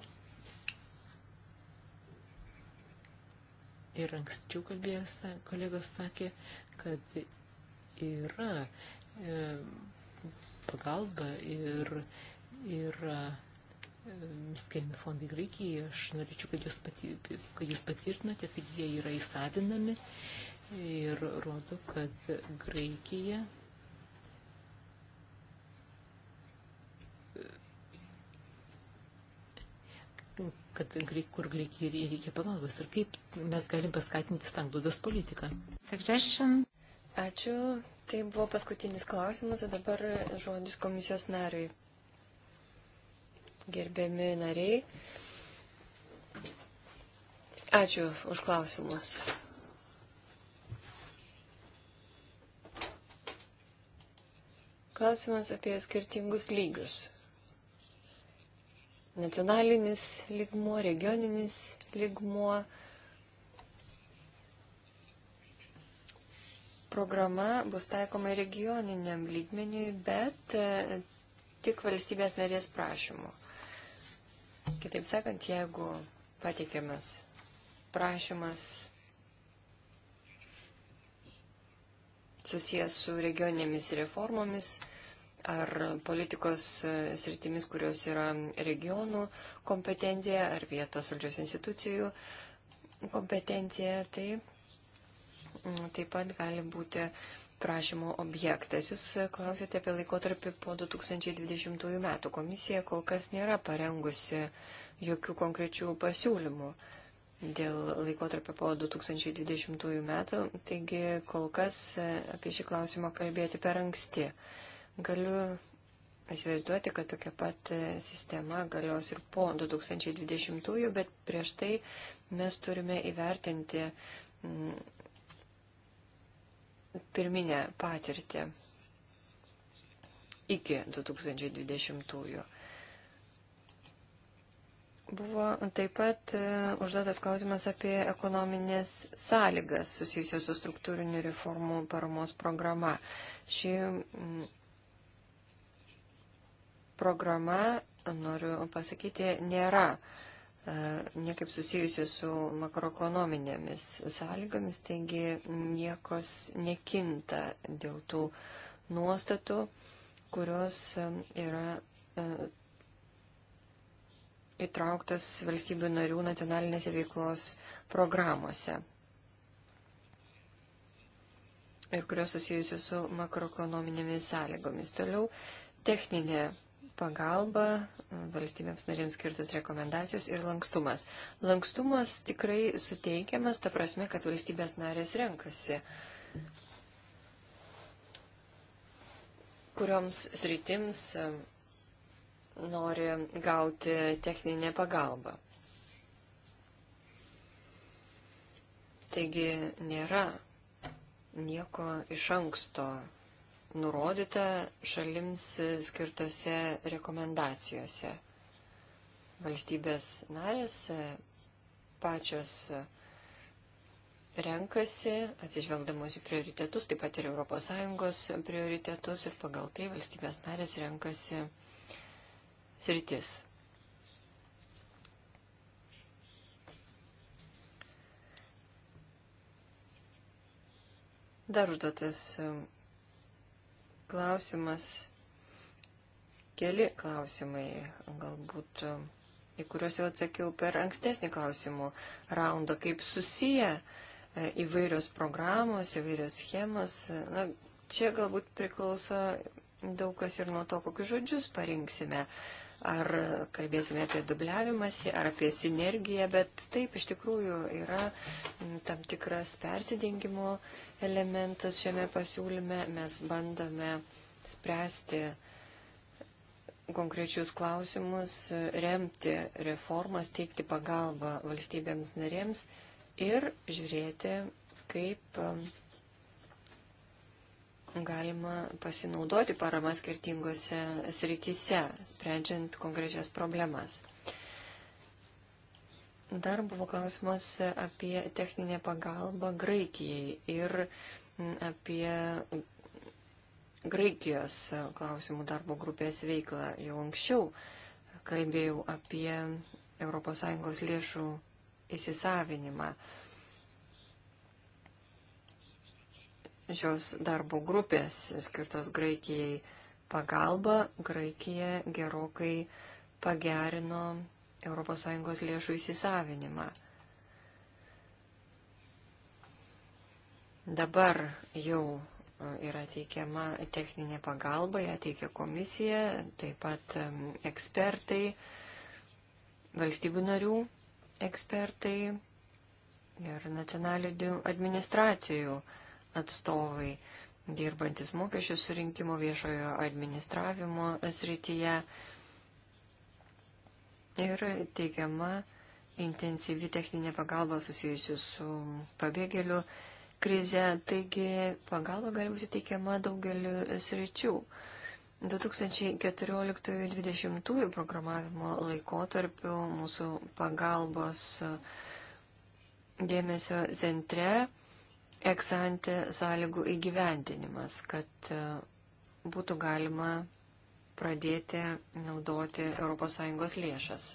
ir anksčiau kalbėjęs kolegos sakė, kad yra e, pagalba ir yra e, skiriami fondai Graikijai. Aš norėčiau, kad jūs, pati, kad jūs patvirtinote, kad jie yra įsavinami ir rodo, kad Graikija kad kur Graikijai reikia pagalbos ir kaip mes galim paskatinti sanglaudos politiką. Suggestion. Ačiū. Tai buvo paskutinis klausimas, o dabar žodis komisijos nariui. Gerbiami nariai. Ačiū už klausimus. Klausimas apie skirtingus lygius. Nacionalinis lygmuo, regioninis lygmuo programa bus taikoma regioniniam lygmeniui, bet e, tik valstybės narės prašymu. Kitaip sakant, jeigu pateikiamas prašymas susijęs su regioninėmis reformomis ar politikos e, sritimis, kurios yra regionų kompetencija ar vietos valdžios institucijų kompetencija, tai Mm, taip pat gali būti prašymo objektas. Jūs klausėte apie laikotarpį po 2020 metų. Komisija kol kas nėra parengusi jokių konkrečių pasiūlymų dėl laikotarpio po 2020 metų, taigi kol kas e, apie šį klausimą kalbėti per anksti. Galiu įsivaizduoti, kad tokia pat e, sistema galios ir po 2020, bet prieš tai mes turime įvertinti pirminę patirtį iki 2020-ųjų. Buvo taip pat e, užduotas klausimas apie ekonominės sąlygas susijusios su struktūriniu reformų paramos programa. Ši programa, noriu pasakyti, nėra uh, E, niekaip susijusių su makroekonominėmis sąlygomis, taigi niekos nekinta dėl tų nuostatų, kurios e, yra e, įtrauktas valstybių narių nacionalinėse veiklos programuose ir kurios susijusios su makroekonominėmis sąlygomis. Toliau techninė pagalba, valstybėms narėms skirtos rekomendacijos ir lankstumas. Lankstumas tikrai suteikiamas, ta prasme, kad valstybės narės renkasi, kurioms sritims nori gauti techninę pagalbą. Taigi nėra nieko iš anksto nurodyta šalims skirtose rekomendacijose. Valstybės narės e, pačios e, renkasi, atsižvelgdamos į prioritetus, taip pat ir ES prioritetus ir pagal tai valstybės narės renkasi sritis. Dar užduotas e, klausimas, keli klausimai, galbūt, e, į kuriuos jau atsakiau per ankstesnį klausimų raundą, kaip susiję e, įvairios programos, įvairios schemos. Na, čia galbūt priklauso daug kas ir nuo to, kokius žodžius parinksime. Uh, ar kalbėsime apie dubliavimąsi, ar apie sinergiją, bet taip iš tikrųjų yra mm, tam tikras persidengimo elementas šiame pasiūlyme. Mes bandome spręsti konkrečius klausimus, remti reformas, teikti pagalbą valstybėms narėms ir žiūrėti, kaip mm, galima pasinaudoti parama skirtingose srityse, sprendžiant konkrečias problemas. Dar buvo klausimas apie techninę pagalbą Graikijai ir apie Graikijos klausimų darbo grupės veiklą. Jau anksčiau kalbėjau apie ES lėšų įsisavinimą. šios darbo grupės skirtos Graikijai pagalba, Graikija gerokai pagerino ES lėšų įsisavinimą. Dabar jau e, yra teikiama techninė pagalba, ją teikia komisija, taip pat e, ekspertai, valstybių narių ekspertai ir nacionalinių administracijų ekspertai atstovai, dirbantis mokesčių surinkimo viešojo administravimo srityje. Ir teikiama intensyvi techninė pagalba susijusi su pabėgėliu krize, taigi pagalba gali būti teikiama daugeliu sričių. 2014-2020 programavimo laikotarpiu mūsų pagalbos dėmesio centre eksantį sąlygų įgyvendinimas, kad e, būtų galima pradėti naudoti ES lėšas.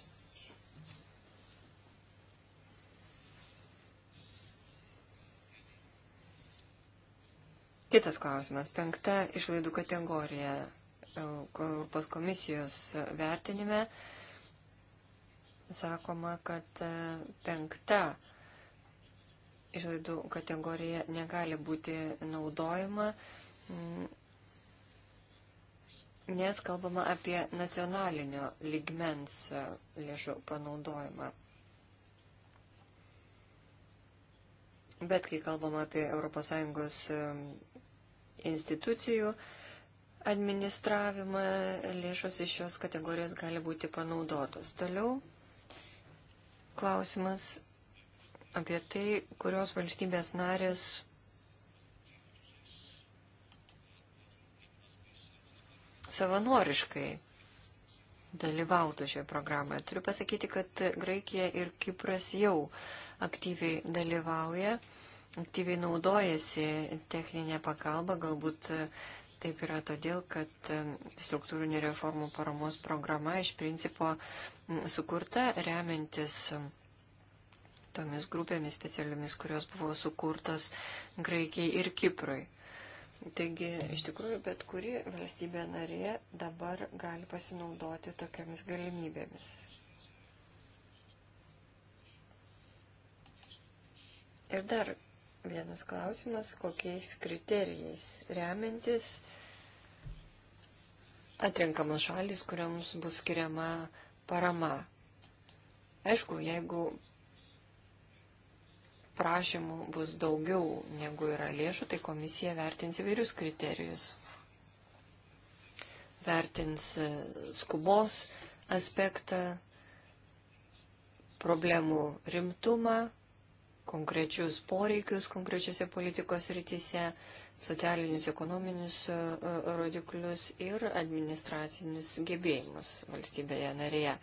Kitas klausimas. Penkta išlaidų kategorija e, Europos komisijos vertinime sakoma, kad e, penkta išlaidų kategorija negali būti naudojama, nes kalbama apie nacionalinio ligmens lėšų panaudojimą. Bet kai kalbama apie ES institucijų administravimą, lėšos iš šios kategorijos gali būti panaudotos. Toliau klausimas apie tai, kurios valstybės narės savanoriškai dalyvautų šioje programoje. Turiu pasakyti, kad Graikija ir Kipras jau aktyviai dalyvauja, aktyviai naudojasi techninė pagalba, galbūt taip yra todėl, kad struktūrinė reformų paramos programa iš principo sukurta remiantis tomis grupėmis specialiomis, kurios buvo sukurtos Graikijai ir Kiprui. Taigi, iš tikrųjų, bet kuri valstybė narė dabar gali pasinaudoti tokiamis galimybėmis. Ir dar vienas klausimas, kokiais kriterijais remiantis atrenkamos šalis, kuriams bus skiriama parama. Aišku, jeigu prašymų bus daugiau negu yra lėšų, tai komisija vertins įvairius kriterijus. Vertins e, skubos aspektą, problemų rimtumą, konkrečius poreikius konkrečiose politikos rytise, socialinius, ekonominius e, e, rodiklius ir administracinius gebėjimus valstybėje narėje.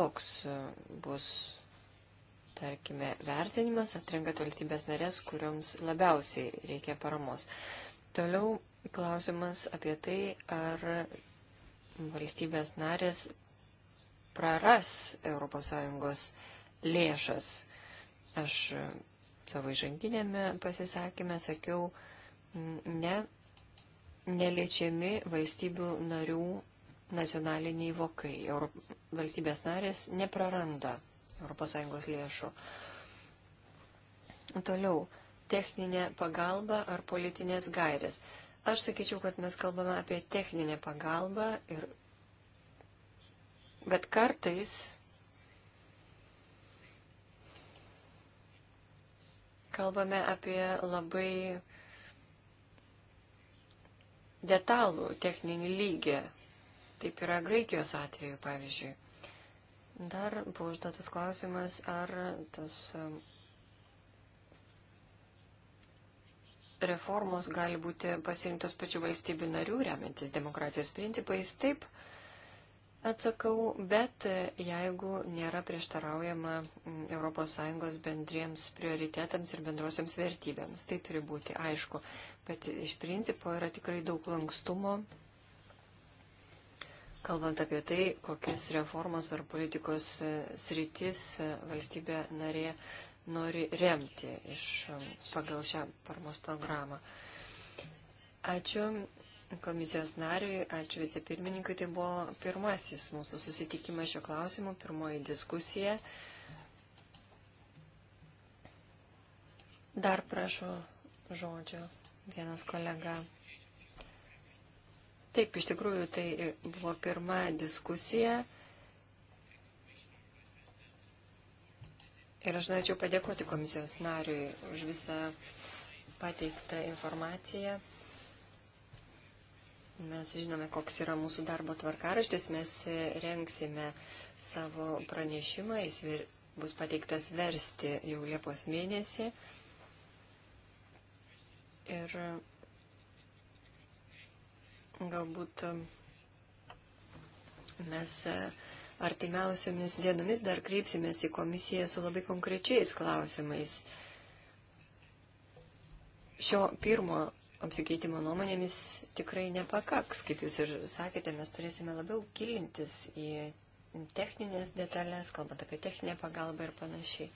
Toks bus tarkime, vertinimas, atrinkat valstybės narės, kuriuoms labiausiai reikia paramos. Toliau klausimas apie tai, ar valstybės narės praras ES lėšas. Aš savo įžanginėme pasisakymę sakiau, ne, neliečiami valstybių narių nacionaliniai vokai. Euro, valstybės narės nepraranda ES lėšų. Toliau, techninė pagalba ar politinės gairės. Aš sakyčiau, kad mes kalbame apie techninę pagalbą, ir... bet kartais kalbame apie labai detalų techninį lygį. Taip yra Graikijos atveju, pavyzdžiui. Dar buvo užduotas klausimas, ar tos um, reformos gali būti pasirinktos pačių valstybių narių, remiantis demokratijos principais. Taip, atsakau, bet e, jeigu nėra prieštaraujama ES bendriems prioritetams ir bendrosiams vertybėms, tai turi būti aišku. Bet iš principo yra tikrai daug lankstumo Kalbant apie tai, kokias reformas ar politikos e, sritis e, valstybė narė nori remti iš, e, pagal šią paramos programą. Ačiū komisijos nariui, ačiū vicepirmininkui. Tai buvo pirmasis mūsų susitikimas šio klausimu, pirmoji diskusija. Dar prašau žodžio vienas kolega. Taip, iš tikrųjų, tai buvo pirma diskusija. Ir aš norėčiau padėkoti komisijos nariui už visą pateiktą informaciją. Mes žinome, koks yra mūsų darbo tvarkaraštis, mes renksime savo pranešimą, jis bus pateiktas versti jau Liepos mėnesį. Ir Galbūt e, mes e, artimiausiomis dienomis dar kreipsimės į komisiją su labai konkrečiais klausimais. Šio pirmo apsikeitimo nuomonėmis tikrai nepakaks, kaip jūs ir sakėte, mes turėsime labiau gilintis į techninės detalės, kalbant apie techninę pagalbą ir panašiai.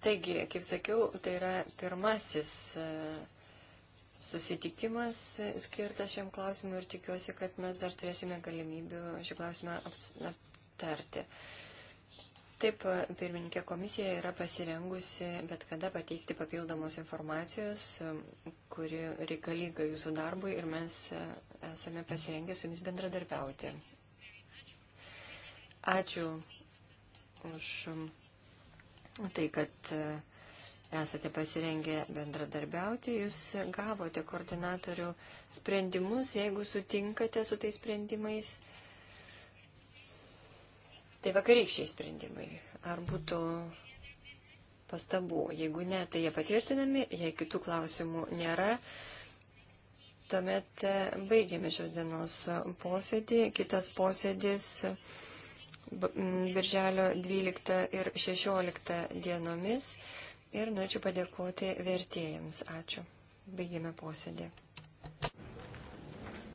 Taigi, kaip sakiau, tai yra pirmasis e, susitikimas e, skirtas šiam klausimui ir tikiuosi, kad mes dar turėsime galimybių šį klausimą aptarti. Taip, e, pirmininkė komisija yra pasirengusi bet kada pateikti papildomos informacijos, kuri reikalinga jūsų darbui ir mes esame pasirengę su jumis bendradarbiauti. Ačiū už tai, kad e, esate pasirengę bendradarbiauti, jūs gavote koordinatorių sprendimus, jeigu sutinkate su tais sprendimais, tai vakarykščiai sprendimai. Ar būtų pastabų? Jeigu ne, tai jie patvirtinami, jei kitų klausimų nėra. Tuomet e, baigiame šios dienos posėdį. Kitas posėdis birželio 12 ir 16 dienomis. Ir norėčiau padėkoti vertėjams. Ačiū. Baigėme posėdį.